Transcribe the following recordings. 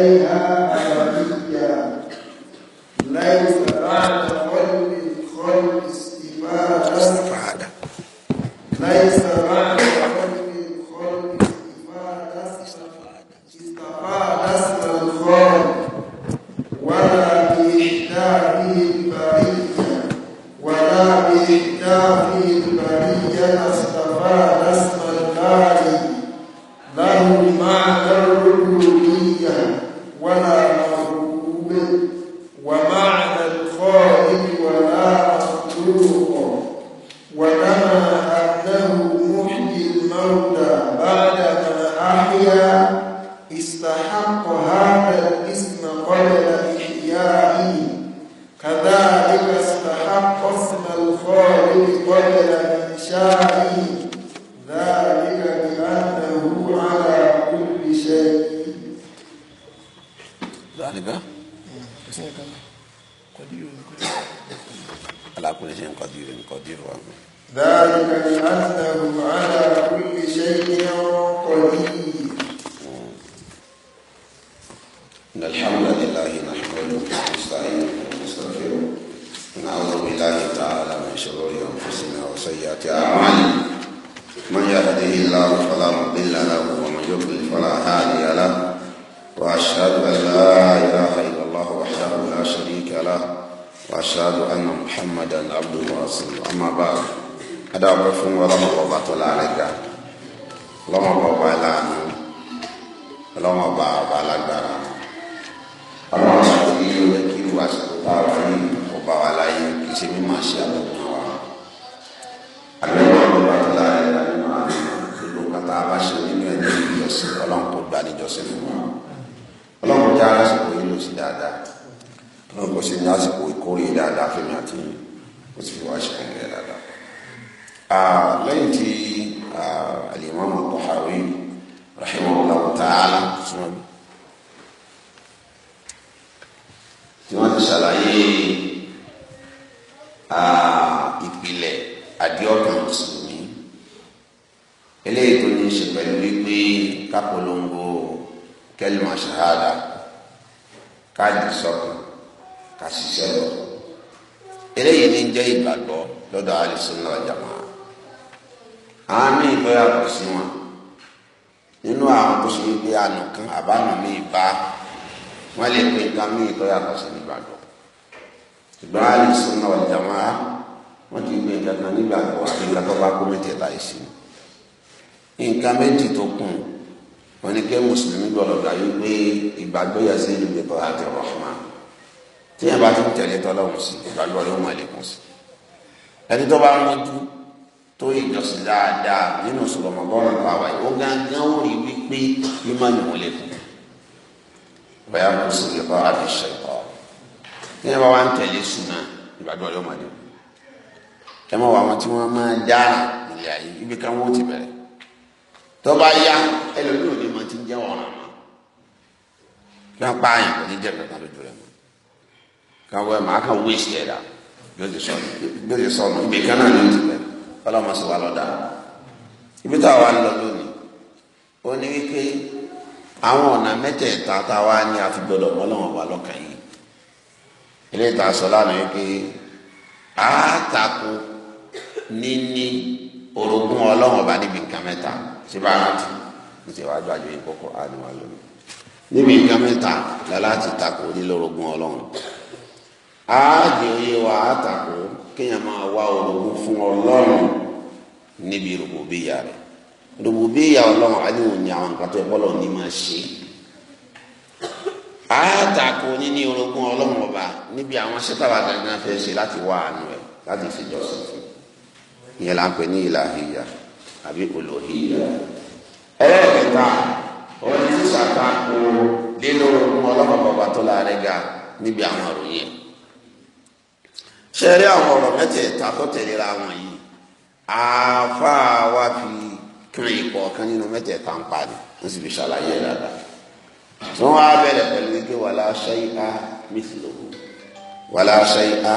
عليها ká polongo kẹlima ṣahada ká di sọkàn ká ṣiṣẹ́ lọ eléyìí ní jẹ́ ìgbàgbọ́ lọ́dọ̀ àlùsùnà ọjàmá àmì ìgbéyà kò sí wọn nínú àwọn kan àbámu mi bá wọn lè pe nǹkan mi ìgbéyà kò sí nígbàgbọ́ ṣùgbọ́n àlùsùnà ọjàmá wọn ti gbé nǹkan kan nígbàgbọ́ àbí nǹkan tó bá kó mẹ́tẹ̀ẹ̀ta yìí sí nǹkan méjì tó kùn ún wọ́n ní kí mùsùlùmí gbọ́dọ̀ gbà yí pé ìgbàgbọ́ yà sí ìlúgbẹ tó àti rahman tí yẹn bá ti tẹ̀lé tọ́lọ́hún sí ìgbàgbọ́ rẹ̀ ó máa lékún sí ẹni tó bá mọ́jú tó ìjọsìn dáadáa nínú sọlọmọ bọ́ọ̀rọ̀ tó àwáyé ó gángan ó rí wípé ìmánì wọn lékún bẹ́ẹ̀ kó sì lè bá àti ṣẹ̀kọ́ tí yẹn bá wá ń tẹ̀lé súnà ìgbàgbọ́ rẹ̀ ó máa ẹ mọ̀ wà wọn tí wọ́n máa dára ilé tó bá yá ẹlòmíì ò ní mọ tí ń jẹ́ ọ̀ràn mọ́ kí wọ́n pa àyàn kò ní jẹ́ kankan lójú rẹ̀ mọ́ kí wọ́n wẹ̀ máa kàn wíṣì ẹ̀dá bí ó ti sọnù ibi kan náà ló ti bẹ̀rẹ̀ ọlọ́mọ sì wà lọ́dà ibi táwa ń lọ lónìí ó ní wípé àwọn ọ̀nà mẹ́tẹ̀ẹ̀ta táwa ní àfi gbọdọ̀ mọ́ lọ́wọ́n wà lọ́kàn yìí ilé ìtàsọ lánàá wípé àátàkù níní orogún ọlọ́wọ́n bá níbi nǹkan mẹ́ta ṣé bá rántí mo ti wá gbàgbé ìkọkọ àdìmọ lónìí. níbi nǹkan mẹ́ta la láti takò nílòrógún ọlọ́run ààjì oyè wa á takò kéèyàn máa wá orogún fún ọlọ́run níbi rògbòbíyà rẹ̀ rògbòbíyà ọlọ́run àdìmọ ní àwọn nǹkan tó ẹ bọ́lọ̀ ní máa ṣe á takò níní orogún ọlọ́run ọba níbi àwọn ṣẹ́tàwá gangan fẹ́ ṣe láti wá àánú ẹ̀ láti fi jọ́sìn fún ìyẹn là ń pè ní ìlàhíyà àbí olóhìyà ẹlẹ́ẹ̀kẹta òun ti ṣàtàkù nínú ọlọ́pàá bàbá tó láàrin ga níbi àwọn ìròyìn ẹ̀ ṣe rí àwọn ọ̀rọ̀ mẹ́tẹ̀ẹ̀ta tó tẹ̀léra wọn yìí àáfàá wa fi kan ìpọ̀ kan nínú mẹ́tẹ̀ẹ̀ta ń parí ó sì fi ṣàlàyé dáadáa tí wọ́n á bẹ̀rẹ̀ pẹ̀lú wípé wàlá ṣayá mẹ́sìlòwò wàlá ṣayá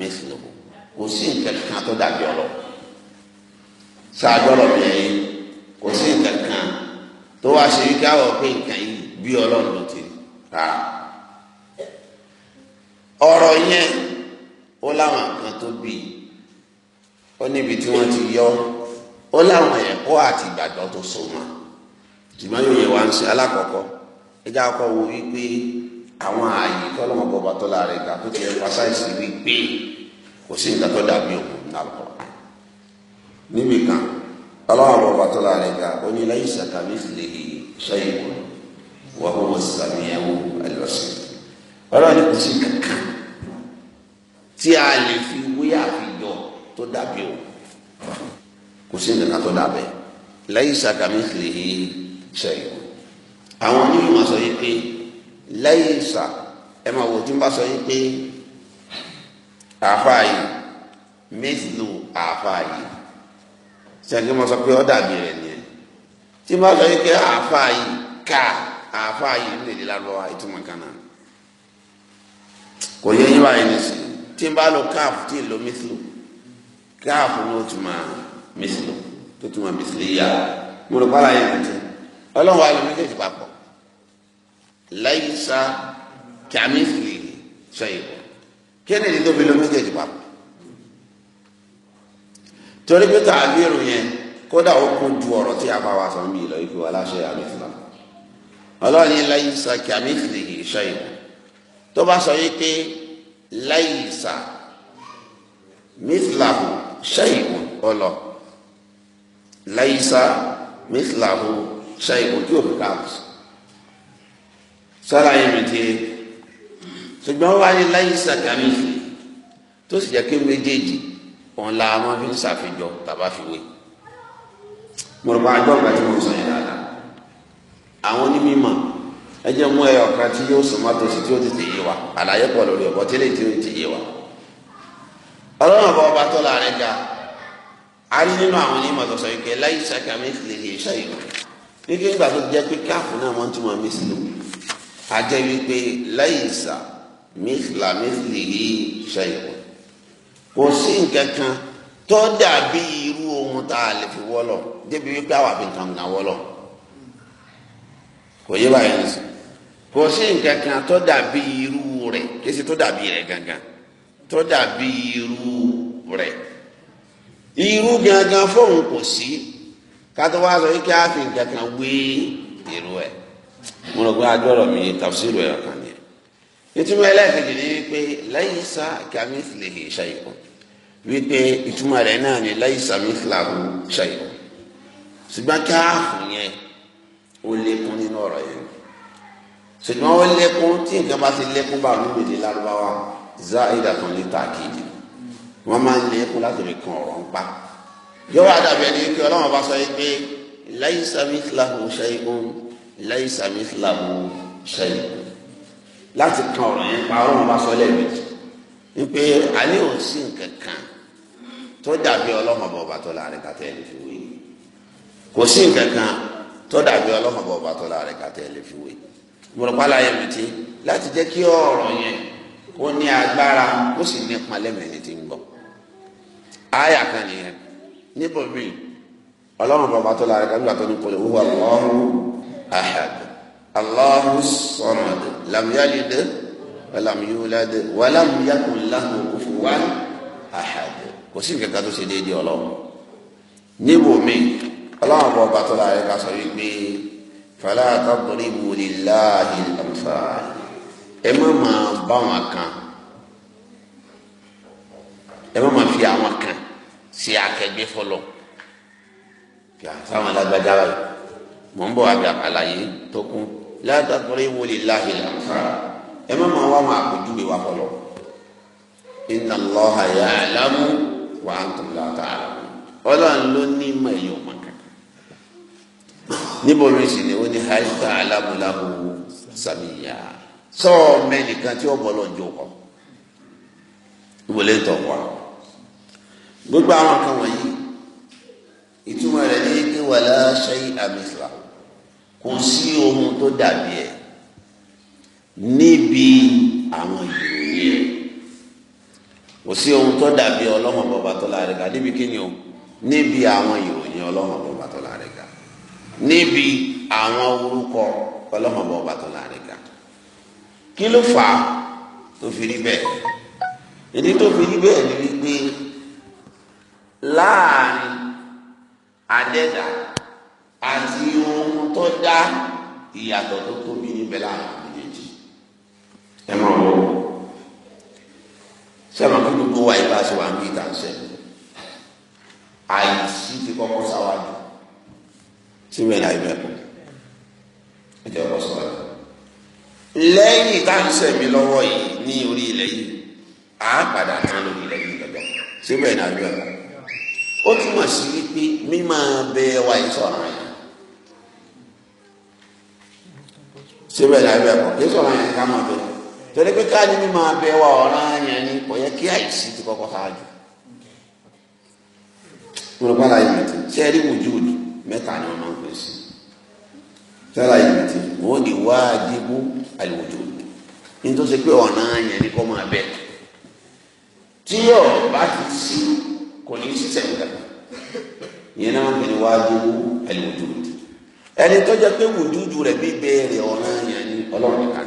mẹ́sìlòwò kò sí nǹkan kan tó dàbí ọlọ́wọ́. ṣáájọ́rọ̀ bí ẹyẹ kò sí nǹkan kan tó wá ṣe wípé pé nǹkan yìí bí ọlọ́run ló ti ọ̀rọ̀ yẹn ó láwọn kan tó tí wọ́n ti yọ ó láwọn ẹ̀kọ́ àti ìgbàgbọ́ tó so mọ́ ṣùgbọ́n yóò yẹ wá ń ṣe alákọ̀ọ́kọ́ wo wípé àwọn ààyè tó la rẹ̀ ga tó ti ẹ̀ pàṣẹ ìsìn wípé kò níbi kan ọlọ́wọ́ bọ̀ bàtọ́lá rẹ̀ ga ó ní láyé sàkàmì lè ṣẹ́yìn wọ́n wọ́n wọ́n sàmì ẹ̀wọ̀ àlọ́sẹ̀ ọlọ́wọ́ ní kò sí kankan tí a lè fi wé àfihàn tó dàbí o kò sí nǹkan tó dàbẹ̀ láyé sàkàmì lè ṣẹ́yìn àwọn onímọ̀ sọ yìí pé láyé sà ẹ máa wò tí n bá sọ yìí pé àáfàá yìí mẹ́sìlú àáfàá yìí sẹ́kí mo sọ pé ọ́ dàbí rẹ̀ ni ẹ̀ tí mo sọ yìí pé àáfàá yìí ká àáfàá yìí ń lè dé lálọ́wọ́ ìtumọ̀ kan náà kò yẹ yín báyìí nìsí tí n bá lọ káàfù tí ì lọ mísìlò káàfù ló tún máa mísìlò tó tún máa mísìlò yá mo rò pàlà yẹn nìyẹn ọlọ́run àlọ́ méjèèjì papọ̀ láyé sá kí a mísìlì sọ yìí kí ẹni tó fi lọ méjèèjì papọ̀ torí pé tàbírù yẹn kódà ó kún ju ọ̀rọ̀ tí a bá wa sọ mí lọ ife wa láṣẹ àlùfáà ọlọ́run yẹn láyìísá kí àmì ìfìlè yìí ṣe ìwọ tó bá sọ yìí pé láyìísá mithlahu ṣẹ́yìnbó ọlọ láyìísá mithlahu ṣẹ́yìnbó tí ò fi káàbù sára yẹn mi ti ṣùgbọ́n wáyé láyìísá kí àmì ìfìlè tó sì jẹ́ kí méjèèjì òun la máa fi ń ṣàfijọ tàbá fi wé mo rò bá àjọ ọ̀gá tí mo sọ yẹn dáadáa àwọn onímọ̀ ẹ jẹ́ mú ẹyọ kan tí yóò sùn mọ́tò sí tí ó ti ti yé wa àlàyé pọ̀ lórí ọ̀bọ tí eléyìí tí ó ti yé wa ọlọ́run ọba ọba tó láàrin ga a rí nínú àwọn onímọ̀ tó sọ yìí pé láì sàkàmì lè lè ṣàyè nígbà nígbà tó jẹ́ pé káàfù náà mọ́ tí mo mí sílò àjẹ́ wípé láì sà mílà mílì ṣàyè kò sí nǹkan kan tó dàbí irú ohun tá a lè fi wọ́lọ̀ débi wípé àwọn àfi nǹkan gbà wọ́lọ̀ kò yé báyìí nìsín kò sí nǹkan kan tó dàbí irú rẹ̀ kí sì tó dàbí rẹ̀ gangan tó dàbí irú rẹ̀ irú gangan fóun kò sí kátó wá sọ wípé àfi nǹkan kan wé irú ẹ̀ mo rò pé ajọ́rọ̀ mi tafsírù ẹ̀ kan ìtumọ̀ ẹlẹ́ẹ̀kejì ni wípé láyísá kàmífìlèhì ṣàyẹ̀wò wípé ìtumọ̀ rẹ̀ náà ni láyísá mífìlàhù ṣàyẹ̀wò ṣùgbọ́n káàfù yẹn ó lékún nínú ọ̀rọ̀ yẹn ṣùgbọ́n ó lékún tí nǹkan bá ti lékún bá àwọn olùdíje lárúbáwá zá ìdàtàn ní tàkìdì wọ́n máa ń lékún láti fi kan ọ̀rọ̀ ń pa yọ̀wọ́ àdàbẹ̀ ni wípé ọlọ́run bá sọ yìí pé láyísá mífìlàhù ṣàyẹ̀wò láyísá ṣàyẹ̀wò láti kan ọ̀rọ̀ yẹn pa ọlọ́run bá sọ lẹ́ẹ̀mejì wípé alẹ́ ò sí nǹkan kan tó dàbí ọlọ́run ọba ọba tó láàrin kàtẹ́ ẹ̀ lè fi wé kò sí nǹkan kan tó dàbí ọlọ́run ọba ọba tó láàrin kàtẹ́ ẹ̀ lè fi wé gbọdọ̀pá láyé mi ti láti jẹ́ kí ọ̀rọ̀ yẹn kó ní agbára kó sì ní palẹ́mẹ̀ ní ti ń gbọ́ àyà kan nìyẹn níbo bíi ọlọ́run ọba tó láàrin kàtẹ́ ẹ̀ lè fi wé Allahu Samad lam yalid walam yulad walam yakun lahu kufuwan ahad kò sí nǹkan tó ṣe déédéé Ọlọ́run níbo mi Ọlọ́run bọ ọba tó láàrin ká sọ wípé fala tadribu lillahi al-amthal ẹ má máa bá wọn kan ẹ má máa fi àwọn kan ṣe akẹgbẹ́ fọlọ sáwọn alágbájá báyìí mò ń bọ̀ àbí àlàyé tó kún látàkùnrin wòlé láhìlá ẹ má máa wá wọn àpèjúwe wa fọlọ inna Allaha ya'lamu wa antum la ta'lamun Ọlọ́run ló ní ìmọ̀ èyí ọmọ kankan níbo mi sì ni ó ní haita alámúlámú sàmìyà sọ mẹnìkan tí ó bọ jọ kọ ìwòlé tọ wà gbogbo àwọn kan wọ̀nyí ìtumọ̀ rẹ̀ ní kí wàlá ṣe àmì ìsìlámù kò sí ohun tó dàbí ẹ̀ níbi àwọn ìròyìn ẹ̀ kò sí ohun tó dàbí ọlọ́mọ bàbá tó láre ga níbi kí ni o níbi àwọn ìròyìn ọlọ́mọ bàbá tó láre ga níbi àwọn orúkọ ọlọ́mọ bàbá tó láre ga kí ló fà á tó fi rí bẹ́ẹ̀ ìdí tó fi rí bẹ́ẹ̀ ni wípé láàrin adẹ́dàá àti ohun tó dá ìyàtọ̀ tó tóbi níbẹ̀ láàrin méjèèjì ẹ máa wọ sẹ́mi kí gbogbo wa ìbá ṣe wà ń bí ìtànṣẹ́ àìsí ti kọ́kọ́ sáwájú síbẹ̀ ní àìbẹ̀kọ́ ẹ̀jẹ̀ ọkọ̀ sáwájú lẹ́yìn ìtànṣẹ́ mi lọ́wọ́ yìí ní orí ilẹ̀ yìí à á padà tán lórí ilẹ̀ yìí lọ́jọ́ síbẹ̀ ní àìbẹ̀kọ́ ó túmọ̀ sí wípé mímọ́ bẹ́ẹ̀ wáyé sọ̀rọ̀ yẹn. síbẹ̀ láìpẹ́ kọ̀ kí sọ̀rọ̀ yẹn ká máa bẹ torí pé káàdì mi máa bẹ wa ọ̀ràn yẹn ni kò yẹ kí àìsí ti kọ́kọ́ ṣáájú. Yorùbá la yìí ti ṣe é rí wùjúùdù mẹ́ta ni wọ́n máa ń pè sí. Sẹ́la yìí ti wọ́n ní wájibú àlùwùjúùdù. Ní tó ṣe pé ọ̀ràn yẹn ni kọ́ máa bẹ. Tí yóò bá ti sí kò ní í ṣiṣẹ́ nígbà. Ìyẹn náà máa ń pè ní wájibú àlùwùjúùdù ẹni tó jẹ́ pé wùdúdú rẹ̀ bí béèrè ọ̀ràn yẹn ni ọlọ́run nìkan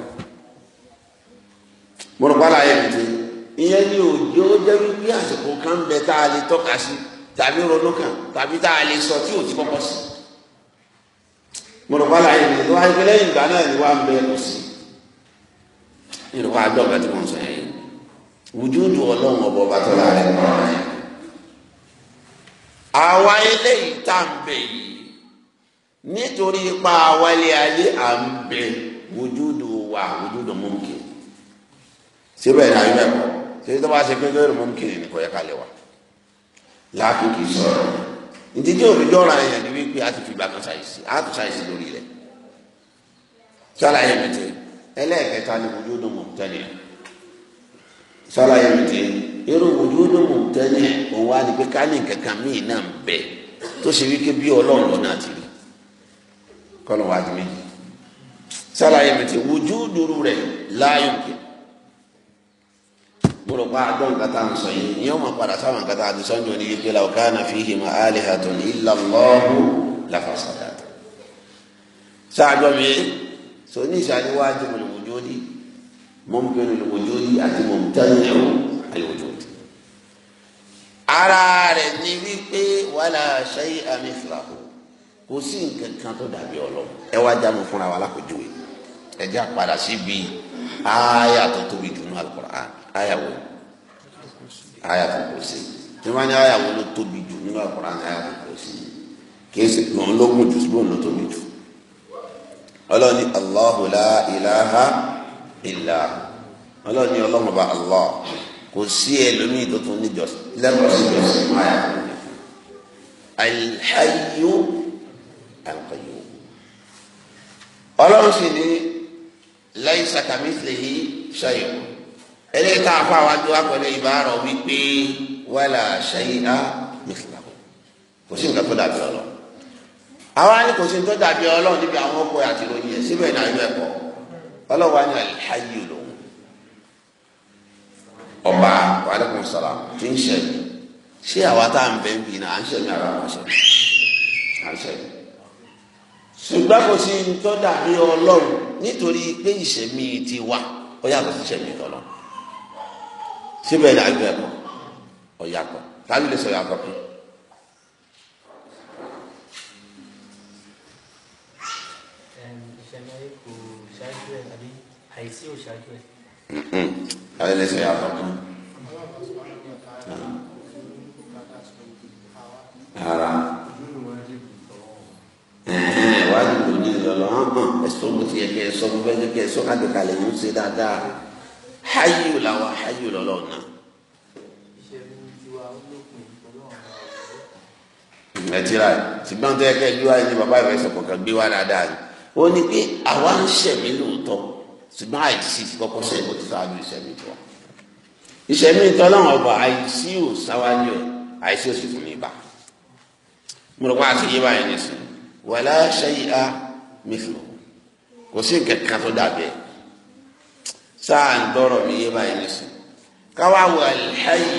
mo rò pàlà yẹn ti ìyẹn ni òjò jẹ́ wípé àsìkò kan bẹ tá a lè tọ́ka sí tàbí ronú kan tàbí tá a lè sọ tí ò ti kọ́kọ́ sí mo rò pàlà yẹn ti wáyé pé lẹ́yìn ìgbà náà ni wàá bẹ lọ sí nínú wa gbọ́ ọ̀gá tí wọ́n sọ yẹn wùdúdú ọlọ́run ọ̀bọ̀ bàtọ́ láàrin ọ̀ràn yẹn àwa eléyìí tá à ń bẹ yìí nítorí ipa wálé ayé à ń bẹ wojúdu wà wojúdu mọ́mùkì síbẹ̀ ní ayé mẹ́kọ̀ọ́ síbi tó bá ṣe pé lórí mọ́mùkì ni kò yẹ ká lè wà láàfin kì í sọ̀rọ̀ ìdíje òfìjọ́ ra ẹ̀yàn ni wípé a ti fi ìgbà kan ṣàìsí a tún ṣàìsí lórí rẹ̀ sálàyé mi ti ẹlẹ́ẹ̀kẹta ni wojúdu mọ̀mùtẹ́lẹ̀ sálàyé mi irú wojúdu mọ̀mùtẹ́lẹ̀ òun ni pé ká kọ́nà wájú méjì sálàyé mi ti wojú dúró rẹ̀ láàyò kì gbọ́dọ̀ pa àgbọn nǹkan tá à ń sọ yìí ìyẹn wọn padà sáwọn nǹkan tá a ti sọ́njọ́ ní wípé law kana fihima alihatun illa Allahu lafasadata sáájọ́ mi sọ ní ìsàlẹ̀ wájú mi lòwòjó ní mọ́mùkẹ́nu lòwòjó ní àti mọ̀mùtánìyàwó àlòwòjó ara rẹ̀ ni wípé wala shay'a mithlahu kò sí nǹkan kan tó dàbí ọlọ́run ẹ wá já mi fúnra wa lápèjúwe ẹ já padà síbi àyà tó tóbi jù nínú Al-Qur'an àyà wo àyà tó kò sí tí wọ́n ní àyà wo ló tóbi jù nínú Al-Qur'an àyà tó kò sí kìí ṣe lógún jù síbò ló tóbi jù ọlọ́run ní la ilaha illa ọlọ́run ọlọ́run ọba Allah kò sí ẹlòmíì tó tún níjọ lẹ́kọ̀ọ́ síjọ sí àyà tó kò sí. alhayu al-Qayyum ọlọ́run sì ní laysa kamithlihi shay'un eléyìí tá a fọ àwọn adúlá pẹ̀lú ìbára wípé wala shay'a mithlahu kò sí nǹkan tó dàbí ọlọ́run àwọn àni kò sí nǹkan tó dàbí ọlọ́run níbi àwọn ọkọ̀ àti ìròyìn ẹ̀ síbẹ̀ náà yọ ẹ̀kọ́ ọlọ́run wa ní al lòun ọba aleykum salaam ti ń ṣẹ̀yìn ṣé àwa tá à ń bẹ̀ ń bì náà à ń ṣẹ̀yìn ara wa ṣẹ̀yìn à ń ṣẹ̀yìn ṣùgbọ́n kò sí tó dàbí ọlọ́run nítorí pé ìṣẹ̀mí ti wà ó yàtọ̀ sí ìṣẹ̀mí tọ́lọ́ síbẹ̀ dàbí bẹ́ẹ̀ kọ́ ó yàtọ̀ tàbí lè ayé lè sọ yàtọ̀ ara ní ìlọlọ hàn ẹsọ bó ti yẹ kẹ ẹsọ bó bẹ kẹ ẹsọ ká gbẹkalẹ ń ṣe dáadáa hayu làwọn hayu lọlọ náà. ẹ ti ra ṣùgbọ́n tó yẹ kẹ́ gbé wá ní bàbá ìfẹ́ sọ̀kọ̀ kan gbé wá dáadáa ni ó ní pé àwa ń ṣẹ̀mí lóòótọ́ ṣùgbọ́n àìsí ti kọ́kọ́ sọ ìbò tó sáájú ìṣẹ̀mí tó wà. ìṣẹ̀mí tó ọba àìsí ò sáwájú ẹ̀ àìsí ò sì fún mi bá. mo rò pé àti yé báyìí nìsín wàlá ṣẹ́yìí á mísìlò kò sí nǹkan kan tó dàbẹ sáà ń tọrọ mi yé báyìí nísìn káwá wọ àlìháyì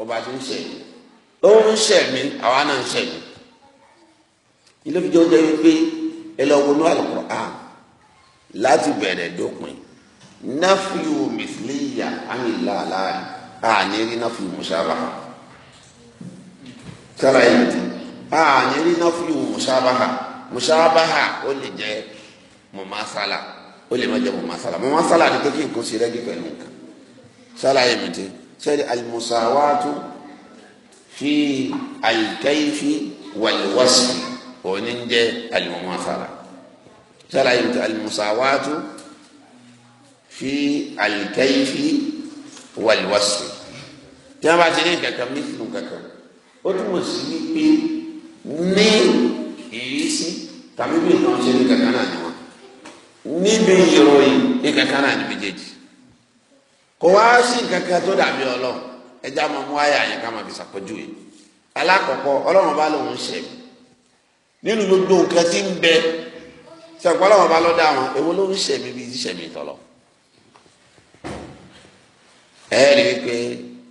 ọba tó ń sẹmí ó ń sẹmí àwa náà ń sẹmí ilé fi jẹ́ oúnjẹ wípé ẹ lọ wọnú Al-Qur'an láti bẹ̀rẹ̀ dópin náfíù mìsìlíyà amílàlá àníírí náfíù mùsàbà sára yìí àníírí náfíù mùsàbà musabaha ó lè jẹ mọ̀másálà ó lè má jẹ mọ̀másálà mọ̀másálà ni pé kí nǹkan ṣe rẹ́gí pẹ̀lú nǹkan sálàyé mi ti sẹ́ni alimusawatu fi alikaifi waliwasi òní ń jẹ alimọ̀másálà sálàyé mi ti alimusawatu fi alikaifi waliwasi tí wọ́n bá ti ní kankan mí fún kankan ó túmọ̀ sí wípé ní ìrísí tàbí bí nǹkan ṣe ní kankan náà ni wọn níbi ìròyìn ní kankan náà ni méjèèjì kò wá sí kankan tó dàbí ọlọ́run ẹja máa mú àyà yẹn ká máa fi ṣàpèjúwe alákọ̀ọ́kọ́ ọlọ́run bá lòun ṣe nínú gbogbo nǹkan tí ń bẹ sọ̀pọ̀ ọlọ́run bá lọ́dọ̀ àwọn èwo ló ń ṣẹ̀mí bíi ṣẹ̀mí tọ̀lọ̀ ẹ̀ẹ́rì wípé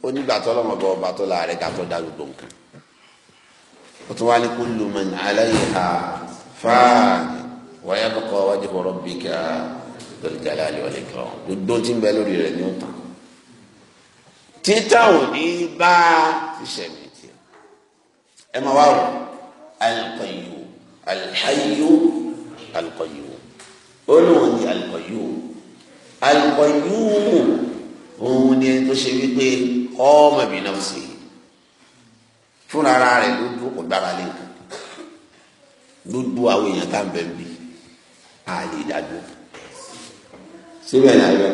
onígbà tọ́lọ́mọba ọba tó láàrẹ̀ ká tó dá gbogbo nǹkan وتوالي كل من عليها فان ويبقى وجه ربك ذو الجلال والإكرام دون تنبال ريال نيوتا تتاوني با تشميتي اما واو القيوم الحي القيوم olóòní alqayyum alqayyum òun ni ẹni tó ṣe wípé ọmọ bíi náà sí i fúnra ara rẹ̀ ló dúró kò gbára lé nǹkan gbogbo àwọn èèyàn tá ń bẹ ń bí a lè dájú síbẹ̀ ní ayọ̀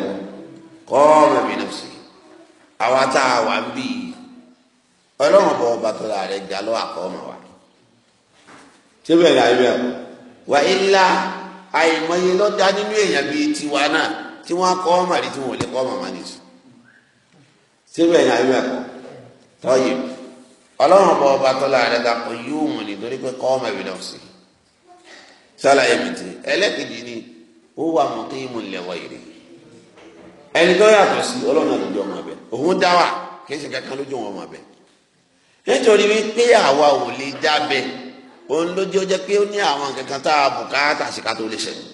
kọ́ mẹ́bí náà sí àwa tá a wà ń bí ọlọ́run bọ̀ ọba tó la rẹ̀ gbà lọ́wọ́ àkọ́mọ̀ wa síbẹ̀ ní ayọ̀ wà ilá àìmọye lọ́dá nínú èèyàn bíi tiwa náà tí wọ́n kọ́ ọmọ rí tí wọ́n lè kọ́ ọmọ mọ́ nìyí síbẹ̀ ní ayọ̀ tọ́yìn ọlọ́run ọba ọba tọ́lá rẹ̀ dàpọ̀ yóò mọ̀ nítorí pé kọ́ ọmọ ìbílẹ̀ ọ̀sìn sálàyé mi ti ẹlẹ́kejì ni ó wà mọ̀ kí mo lẹ̀ wọ ìrè ẹni tó yàtọ̀ sí ọlọ́run àlùjọ ọmọ ọbẹ̀ òun dá wà kí n ṣe kankan lójú wọn ọmọ ọbẹ̀ nítorí wípé àwa ò lè dábẹ́ òun ló jẹ́ ó pé ó ní àwọn kankan tá a bùkátà sí ká tó lè ṣẹlẹ̀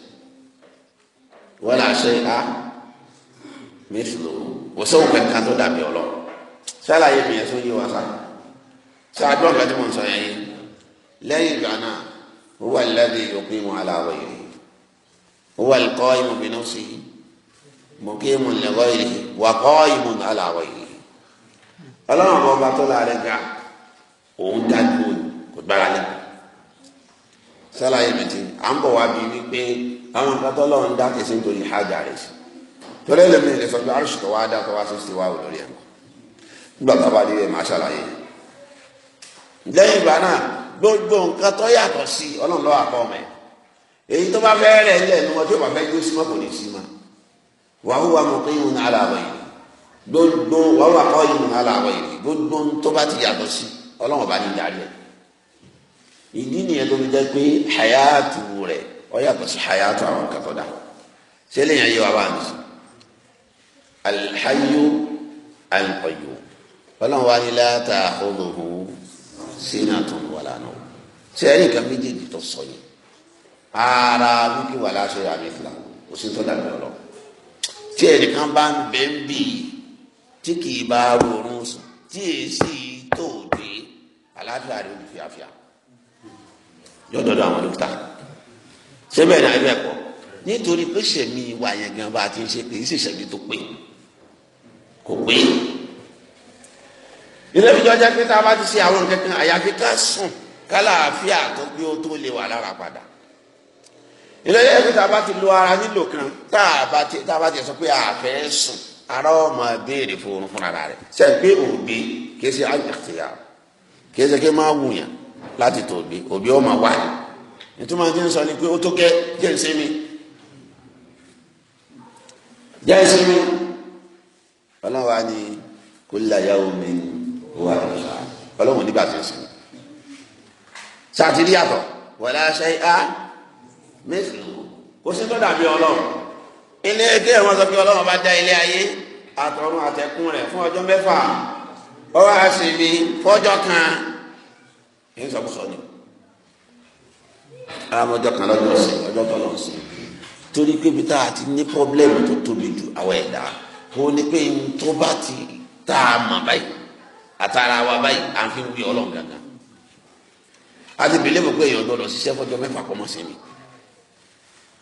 wọ́n là ṣe á mẹ́sìlò kò sóhun kankan tó dàbí ọlọ́run sálàyé mi yẹn tó yé wa sáà ṣáájú ọ̀gá tí mo ń sọ yẹn yìí lẹ́yìn ìgbà náà huwa alladhi yuqimu ala ghayrihi huwa al-qa'imu bi nafsihi muqimun li ghayrihi wa qa'imun ala ghayrihi ọlọ́run ọba tó láàrin ga òun dájú kò gbára lẹ́kọ̀ọ́ sálàyé mi ti à ń bọ̀ wá bíi wípé àwọn nǹkan lọ́wọ́ ń dá kìí nítorí hájà rẹ̀ sí torí ẹlẹ́mìí lè sọ pé arúṣù tó wá dá tó wá sí sí wá wò lórí ẹ̀kọ́ nígbà dé máa ṣàlàyé yẹn lẹ́yìn ìgbà náà gbogbo nǹkan tó yàtọ̀ sí ọlọ́run lọ́wọ́ àkọ́ ọmọ ẹ̀ èyí tó bá fẹ́ rẹ̀ ńlẹ̀ ní wọn tí ó bá fẹ́ jó sí mọ́ kò ní sí mọ́ wàhù wa mọ̀ pé ìhun aláwọ̀ yìí gbogbo wàhù àkọ́ ìhun aláwọ̀ yìí gbogbo tó bá ti yàtọ̀ sí ọlọ́run bá ní darí ẹ̀ ìdí nìyẹn tó fi jẹ́ pé hayatu rẹ̀ ọ yàtọ̀ sí hayatu àwọn kan dà ṣé lè yàn yé wa bá mi sí sínú àtúnú wà lánàá ṣe ẹni nǹkan méjèèjì tó sọ yìí ara wíkí wà láṣẹ àmì ìfìlà kò sí tó dàbí ọlọ tí ẹnìkan bá ń bẹ ń bì í tí kì í bá rọrùn sùn tí èsì tó dé àlàáfíà rẹ ò fìyàfìyà yóò dọdọ àwọn dókítà síbẹ̀ nítorí pé sẹ̀mí wa yẹn gan bá ti ń ṣe kì í sì tó pé kò pé ìlẹ́bi jọjá pé tá a bá ti ṣe àwọn nǹkan kan àyàfi ká sùn kálàáfíà tó gbé o tó lè wà lára padà ìlẹ́yìn ẹ̀kú tá a bá ti lo ara nílò kan tá a bá ti tá a bá ti sọ pé àfẹ́ sùn ara ọmọ béèrè fóorun fúnra rẹ̀ sẹ́yìn pé òbí kìí ṣe àjàkìyà kìí ṣe wùyàn láti tó òbí òbí ọmọ wà ní ìtumọ̀ tí sọ ni pé ó tó kẹ́ jẹ́ ń sinmi jẹ́ ń sinmi ọlọ́wà ni kulla yawmin owó àtọ̀sà ọlọ́run nígbà tí ń sìn. sátìrí àtọ̀ wọlé aṣẹ á mẹsìlú kò sí tó dàbí ọlọ́run ilé ẹgbẹ́ wọn sọ pé ọlọ́run bá dá ilé ayé àtọ̀run àtẹ̀kùn rẹ̀ fún ọjọ́ mẹ́fà ọwọ́ àṣìbí fọ́jọ́ kan ń sọ kùsọ ni àmọ́jọ́ kan lọ́jọ́ sí ọjọ́ tó lọ́n sí torí pé ibi tá a ti ní pọ́blẹ́mù tó tóbi jù àwọn ẹ̀dá ó ní pé tó bá ti tá a mọ̀ báyìí àtàrà wa báyìí à ń fi wí ọlọ́run gangan a ti bèlè mọ̀ pé èèyàn gbọ́dọ̀ ṣiṣẹ́ fọ́jọ́ mẹ́fà kọ́ mọ́ sinmi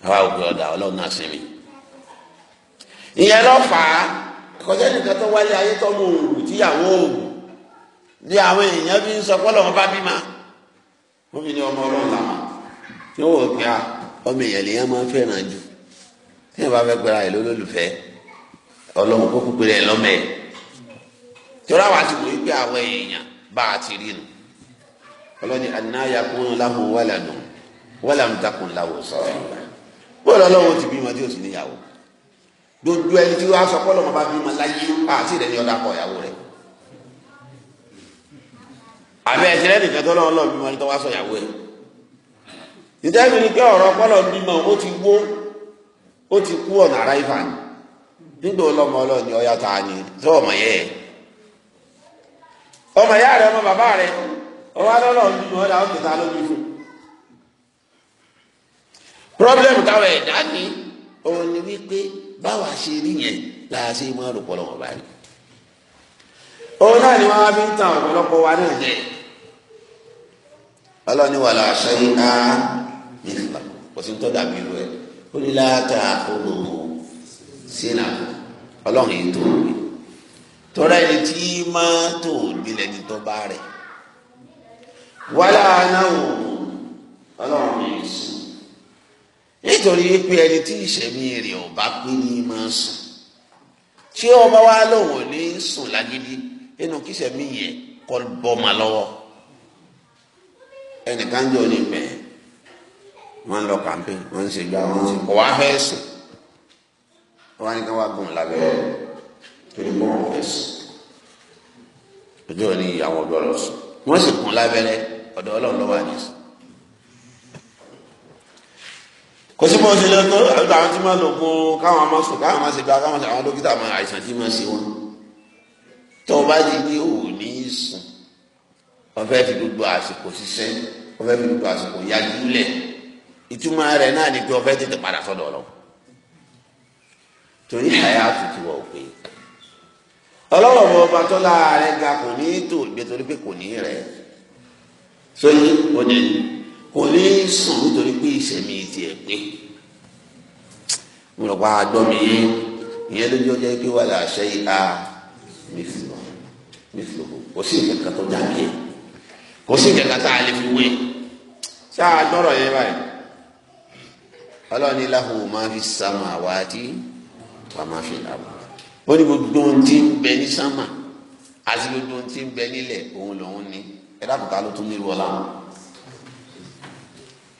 àwa ò gbé ọ̀dà ọlọ́run náà sinmi ìyẹn lọ fà á kọjá nìkan tó wálé ayé tó mú òògùn tíyàwó òògùn ní àwọn èèyàn bí ń sọ pọ́lọ́ wọn bá bímọ wọ́n fi ní ọmọ ọlọ́run làwọn tí wọ́n wò pé a ah, ọmọ èèyàn lèèyàn máa ń fẹ́ràn jù tí wọ́n bá fẹ́ pẹ́ra ìlú olólùfẹ́ ọlọ́run kó kúkú rẹ̀ lọ́mọ ẹ̀ torí àwọn àti wòye pé àwọn èèyàn bá ti rí nu ọlọ́ni anáyà kún láhùn wàlàdùn wàlàmùtàkùn láhùn sọ̀rọ̀ ìgbà bóòlù ọlọ́wọ́ ti bímọ gbogbo ẹni tí wàá sọ kọ́lọ́ ọmọ bá bímọ láyé ní ìyàwó àbẹ nìkan tó ní tó sọ ìyàwó pé ó ti wó ó ti kú ọ̀nà ọmọ ìyá rẹ ọmọ bàbá rẹ ọwọ́ alọ́lọ́ ń bímọ ọ̀dà ọ̀kẹ́ ta ló bí fún. pírọ́blẹ́mù táwọn ẹ̀dá ní òun ni wípé báwa ṣe rí yẹn là á ṣe mọ́ ọ̀rùpọ̀lọ́ wọn báyìí. òun náà ni wọ́n fi ń tan ọ̀pọ̀lọpọ̀ wa náà jẹ. ọlọ́ni wà lọ àṣẹ yìí á nílùú kò sí ń tọ́ dàbí irú ẹ̀ ó ní láàtà ògbòmù sínà ọlọ́run yìí tó wù mí. Tora ẹni tí máa tó gbilẹ̀ ní tó bá rẹ̀ wálá anáwó ọlọ́run mi sùn nítorí pé ẹni tí ìṣẹ̀mí rẹ̀ ò bá pín ní máa sùn tí ọba wa lòun ò ní sùn lágídí nínú kí yẹn kọ́ bọ́ ma lọ́wọ́ ẹnìkan jọ ní mẹ́ẹ̀ wọ́n lọ kàmpé wọ́n ń ṣe gbá wọ́n ń wá fẹ́ sùn wọ́n á ká wá gùn lábẹ́ rẹ̀ torí mọ́ wọn fẹ́ sùn ojú ò ní àwọn ọ̀dọ́ lọ sùn wọ́n sì kún lábẹ́rẹ́ ọ̀dọ̀ ọlọ́run lọ́wọ́ àdìsí. kò sí bọ́ọ̀ ṣe lọ tó àbúrò àwọn tí máa lò kún káwọn máa sùn káwọn máa ṣe gba káwọn àwọn dókítà máa àìsàn tí máa ṣe wọn tó o bá di ní òní sùn ọ̀fẹ́ fi gbogbo àsìkò ṣiṣẹ́ ọ̀fẹ́ fi gbogbo àsìkò yájú lẹ̀ ìtumọ̀ rẹ̀ náà ni pé ọ̀fẹ́ tètè padà sọ́dọ̀ ọ̀rọ̀ torí àyà àtútù wọ̀ pé ọlọ́wọ́ bọ ọba tó láàárẹ ga kò ní tò ìgbé torí pé kò ní rẹ̀ sóyún òde kò ní sùn nítorí pé ìṣẹ̀mí tiẹ̀ pé mo rò pa àgbọ̀ mi yé ìyẹn lójú ọjọ́ pé wà láṣẹ ìhà mẹfìlò mẹfìlò kò sí ìkẹkẹ tó dáké kò sí ìkẹkẹ tá a lè fi wé sáà gbọ́rọ̀ yẹn báyìí ọlọ́ọ̀ni láhùn máa fi sàmà wáàtí wà máa fi làwọn ó ní gbogbo ohun tí ń bẹ ní sámà àti gbogbo ohun tí ń bẹ nílẹ̀ òun lòun ní ẹ dákùtà ló tún nílùú ọlá wọn